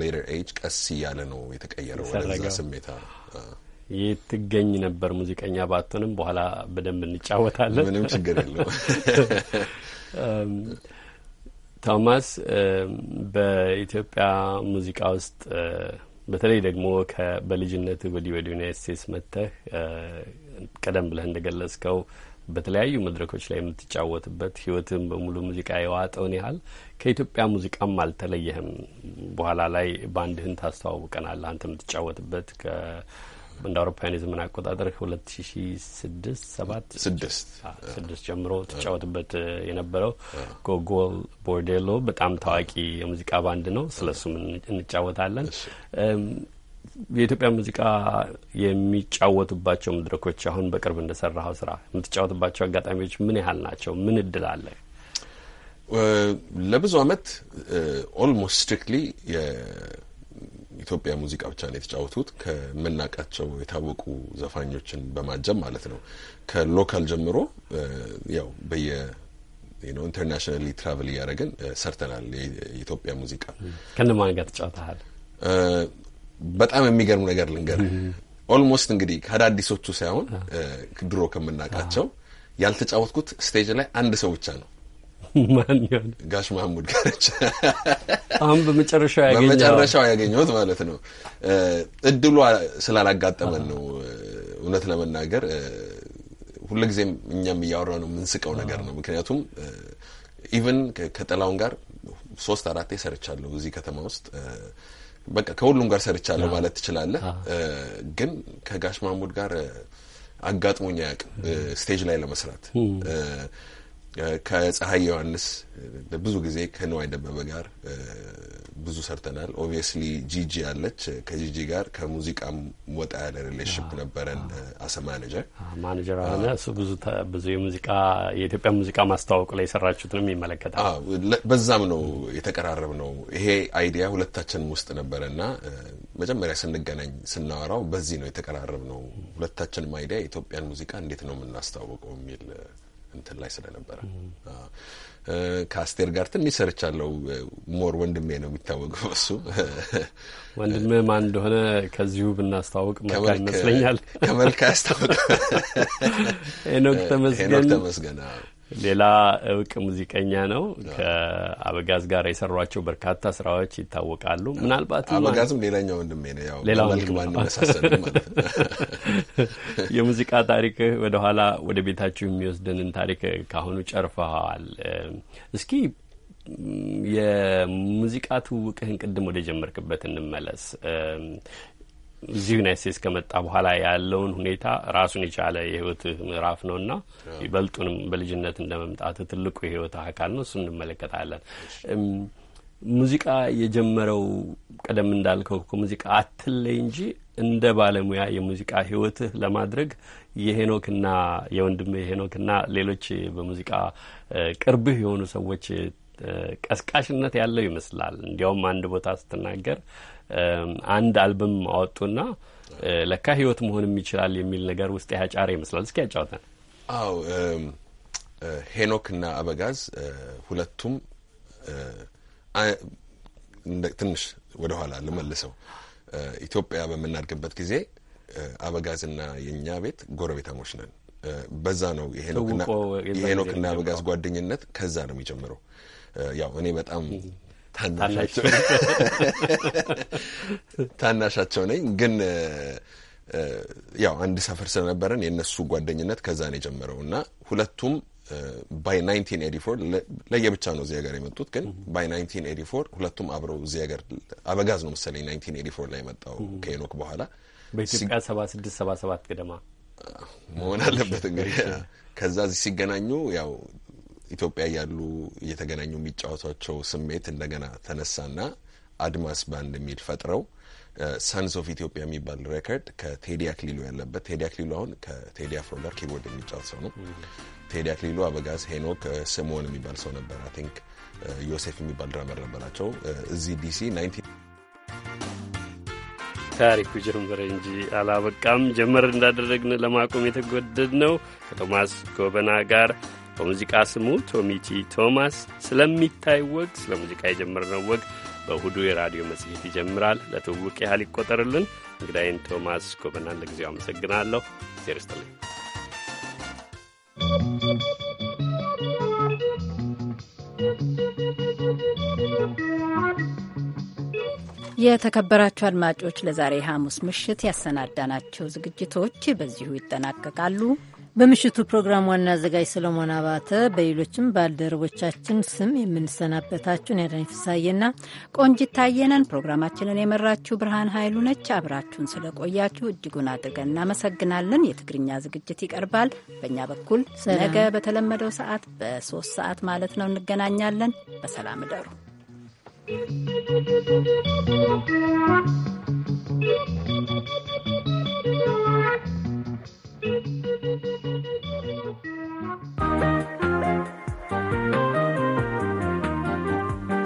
ሌተር ኤጅ ቀስ እያለ ነው የተቀየረው ወደዛ ስሜታ የትገኝ ነበር ሙዚቀኛ ባትሆንም በኋላ በደንብ እንጫወታለን። ምንም ችግር የለው። ቶማስ በኢትዮጵያ ሙዚቃ ውስጥ በተለይ ደግሞ በልጅነት ወዲህ ወደ ዩናይት ስቴትስ መጥተህ ቀደም ብለህ እንደገለጽከው በተለያዩ መድረኮች ላይ የምትጫወትበት ህይወትን በሙሉ ሙዚቃ የዋጠውን ያህል ከኢትዮጵያ ሙዚቃም አልተለየህም። በኋላ ላይ ባንድህን ታስተዋውቀናል። አንተ የምትጫወትበት እንደ አውሮፓውያን የዘመን አቆጣጠር ሁለት ሺ ስድስት ሰባት ስድስት ስድስት ጀምሮ ትጫወትበት የነበረው ጎጎል ቦርዴሎ በጣም ታዋቂ የሙዚቃ ባንድ ነው። ስለ እሱም እንጫወታለን። የኢትዮጵያ ሙዚቃ የሚጫወቱባቸው መድረኮች አሁን በቅርብ እንደሰራኸው ስራ የምትጫወትባቸው አጋጣሚዎች ምን ያህል ናቸው? ምን እድል አለ? ለብዙ አመት ኦልሞስት ስትሪክትሊ የኢትዮጵያ ሙዚቃ ብቻ ነው የተጫወቱት ከምናውቃቸው የታወቁ ዘፋኞችን በማጀብ ማለት ነው። ከሎካል ጀምሮ ያው በየ ኢንተርናሽናል ትራቨል እያደረግን ሰርተናል። የኢትዮጵያ ሙዚቃ ከነማን ጋር ተጫውተሃል? በጣም የሚገርሙ ነገር ልንገር ኦልሞስት እንግዲህ ከአዳዲሶቹ ሳይሆን ድሮ ከምናውቃቸው ያልተጫወትኩት ስቴጅ ላይ አንድ ሰው ብቻ ነው። ጋሽ መሐሙድ ጋርች አሁን በመጨረሻው ያገኘሁት ማለት ነው። እድሉ ስላላጋጠመን ነው። እውነት ለመናገር ሁልጊዜም እኛም እያወራ ነው የምንስቀው ነገር ነው። ምክንያቱም ኢቨን ከጠላውን ጋር ሶስት አራቴ ሰርቻለሁ እዚህ ከተማ ውስጥ በቃ ከሁሉም ጋር ሰርቻለሁ ማለት ትችላለህ። ግን ከጋሽ ማሙድ ጋር አጋጥሞኝ አያውቅም ስቴጅ ላይ ለመስራት ከፀሐይ ዮሐንስ ብዙ ጊዜ ከንዋይ ደበበ ጋር ብዙ ሰርተናል። ኦብቪየስሊ ጂጂ አለች። ከጂጂ ጋር ከሙዚቃም ወጣ ያለ ሪሌሽንፕ ነበረን። አሰ ማኔጀር ማኔጀር ሆነ እሱ ብዙ ብዙ የሙዚቃ የኢትዮጵያ ሙዚቃ ማስተዋወቁ ላይ የሰራችሁትንም ይመለከታል። በዛም ነው የተቀራረብ ነው። ይሄ አይዲያ ሁለታችንም ውስጥ ነበረ እና መጀመሪያ ስንገናኝ ስናወራው በዚህ ነው የተቀራረብ ነው። ሁለታችንም አይዲያ የኢትዮጵያን ሙዚቃ እንዴት ነው የምናስተዋወቀው የሚል እንትን ላይ ስለነበረ ከአስቴር ጋር ትንሽ ሰርቻለው። ሞር ወንድሜ ነው የሚታወቀው እሱ ወንድሜ ማን እንደሆነ ከዚሁ ብናስታውቅ መልካ ይመስለኛል። ከመልካ ያስታውቅ ሄኖክ ተመስገን ሌላ እውቅ ሙዚቀኛ ነው። ከአበጋዝ ጋር የሰሯቸው በርካታ ስራዎች ይታወቃሉ። ምናልባት አበጋዝም ሌላኛው ወንድሜ ነው። ያው ሌላ ባንመሳሰል ማለት ነው። የሙዚቃ ታሪክህ ወደኋላ ወደ ቤታችሁ የሚወስድንን ታሪክ ካሁኑ ጨርፈዋል። እስኪ የሙዚቃ ትውውቅህን ቅድም ወደ ጀመርክበት እንመለስ። እዚህ ዩናይት ስቴትስ ከመጣ በኋላ ያለውን ሁኔታ ራሱን የቻለ የህይወት ምዕራፍ ነው እና ይበልጡንም በልጅነት እንደመምጣት ትልቁ የህይወት አካል ነው። እሱ እንመለከታለን። ሙዚቃ የጀመረው ቀደም እንዳልከው ከሙዚቃ አትለይ እንጂ እንደ ባለሙያ የሙዚቃ ህይወትህ ለማድረግ የሄኖክና የወንድም የሄኖክና ሌሎች በሙዚቃ ቅርብህ የሆኑ ሰዎች ቀስቃሽነት ያለው ይመስላል። እንዲያውም አንድ ቦታ ስትናገር አንድ አልበም አወጡና ለካ ህይወት መሆንም ይችላል የሚል ነገር ውስጥ ያጫረ ይመስላል። እስኪ ያጫውተን። አው ሄኖክ እና አበጋዝ ሁለቱም ትንሽ ወደኋላ ልመልሰው። ኢትዮጵያ በምናድግበት ጊዜ አበጋዝና የእኛ ቤት ጎረቤታሞች ነን። በዛ ነው የሄኖክና አበጋዝ ጓደኝነት ከዛ ነው የሚጀምረው። ያው እኔ በጣም ታናሻቸው ነኝ። ግን ያው አንድ ሰፈር ስለነበረን የእነሱ ጓደኝነት ከዛ ነው የጀመረው እና ሁለቱም ባይ 1984 ለየብቻ ነው እዚህ ሀገር የመጡት። ግን ባይ 1984 ሁለቱም አብረው እዚህ ሀገር አበጋዝ ነው መሰለኝ 1984 ላይ መጣው ከሄኖክ በኋላ በኢትዮጵያ 76 77 ገደማ መሆን አለበት እንግዲህ ከዛ እዚህ ሲገናኙ ያው ኢትዮጵያ ያሉ እየተገናኙ የሚጫወቷቸው ስሜት እንደገና ተነሳና አድማስ ባንድ የሚል ፈጥረው ሳንስ ኦፍ ኢትዮጵያ የሚባል ሬከርድ ከቴዲ አክሊሉ ያለበት ቴዲ አክሊሉ አሁን ከቴዲ አፍሮ ጋር ኪቦርድ የሚጫወት ሰው ነው። ቴዲ አክሊሉ፣ አበጋዝ፣ ሄኖክ፣ ስምኦን የሚባል ሰው ነበር። አይ ቲንክ ዮሴፍ የሚባል ድራመር ነበራቸው። እዚህ ዲሲ ታሪኩ ጀመረ እንጂ አላበቃም። ጀመር እንዳደረግን ለማቆም የተጎደድ ነው ከቶማስ ጎበና ጋር በሙዚቃ ስሙ ቶሚቲ ቶማስ ስለሚታይ ወግ ስለ ሙዚቃ የጀመርነው ወግ በእሁዱ የራዲዮ መጽሔት ይጀምራል። ለትውውቅ ያህል ይቆጠርልን። እንግዳይን ቶማስ ጎበናን ለጊዜው አመሰግናለሁ። ዜር ይስጥልኝ። የተከበራችሁ አድማጮች ለዛሬ ሐሙስ ምሽት ያሰናዳናቸው ዝግጅቶች በዚሁ ይጠናቀቃሉ። በምሽቱ ፕሮግራም ዋና አዘጋጅ ሰለሞን አባተ በሌሎችም ባልደረቦቻችን ስም የምንሰናበታችሁን ያዳኝ ፍሳዬና ቆንጂት ታየነን፣ ፕሮግራማችንን የመራችሁ ብርሃን ኃይሉ ነች። አብራችሁን ስለቆያችሁ እጅጉን አድርገን እናመሰግናለን። የትግርኛ ዝግጅት ይቀርባል። በእኛ በኩል ነገ በተለመደው ሰዓት በሶስት ሰዓት ማለት ነው እንገናኛለን። በሰላም እደሩ። Thank you. Thank you.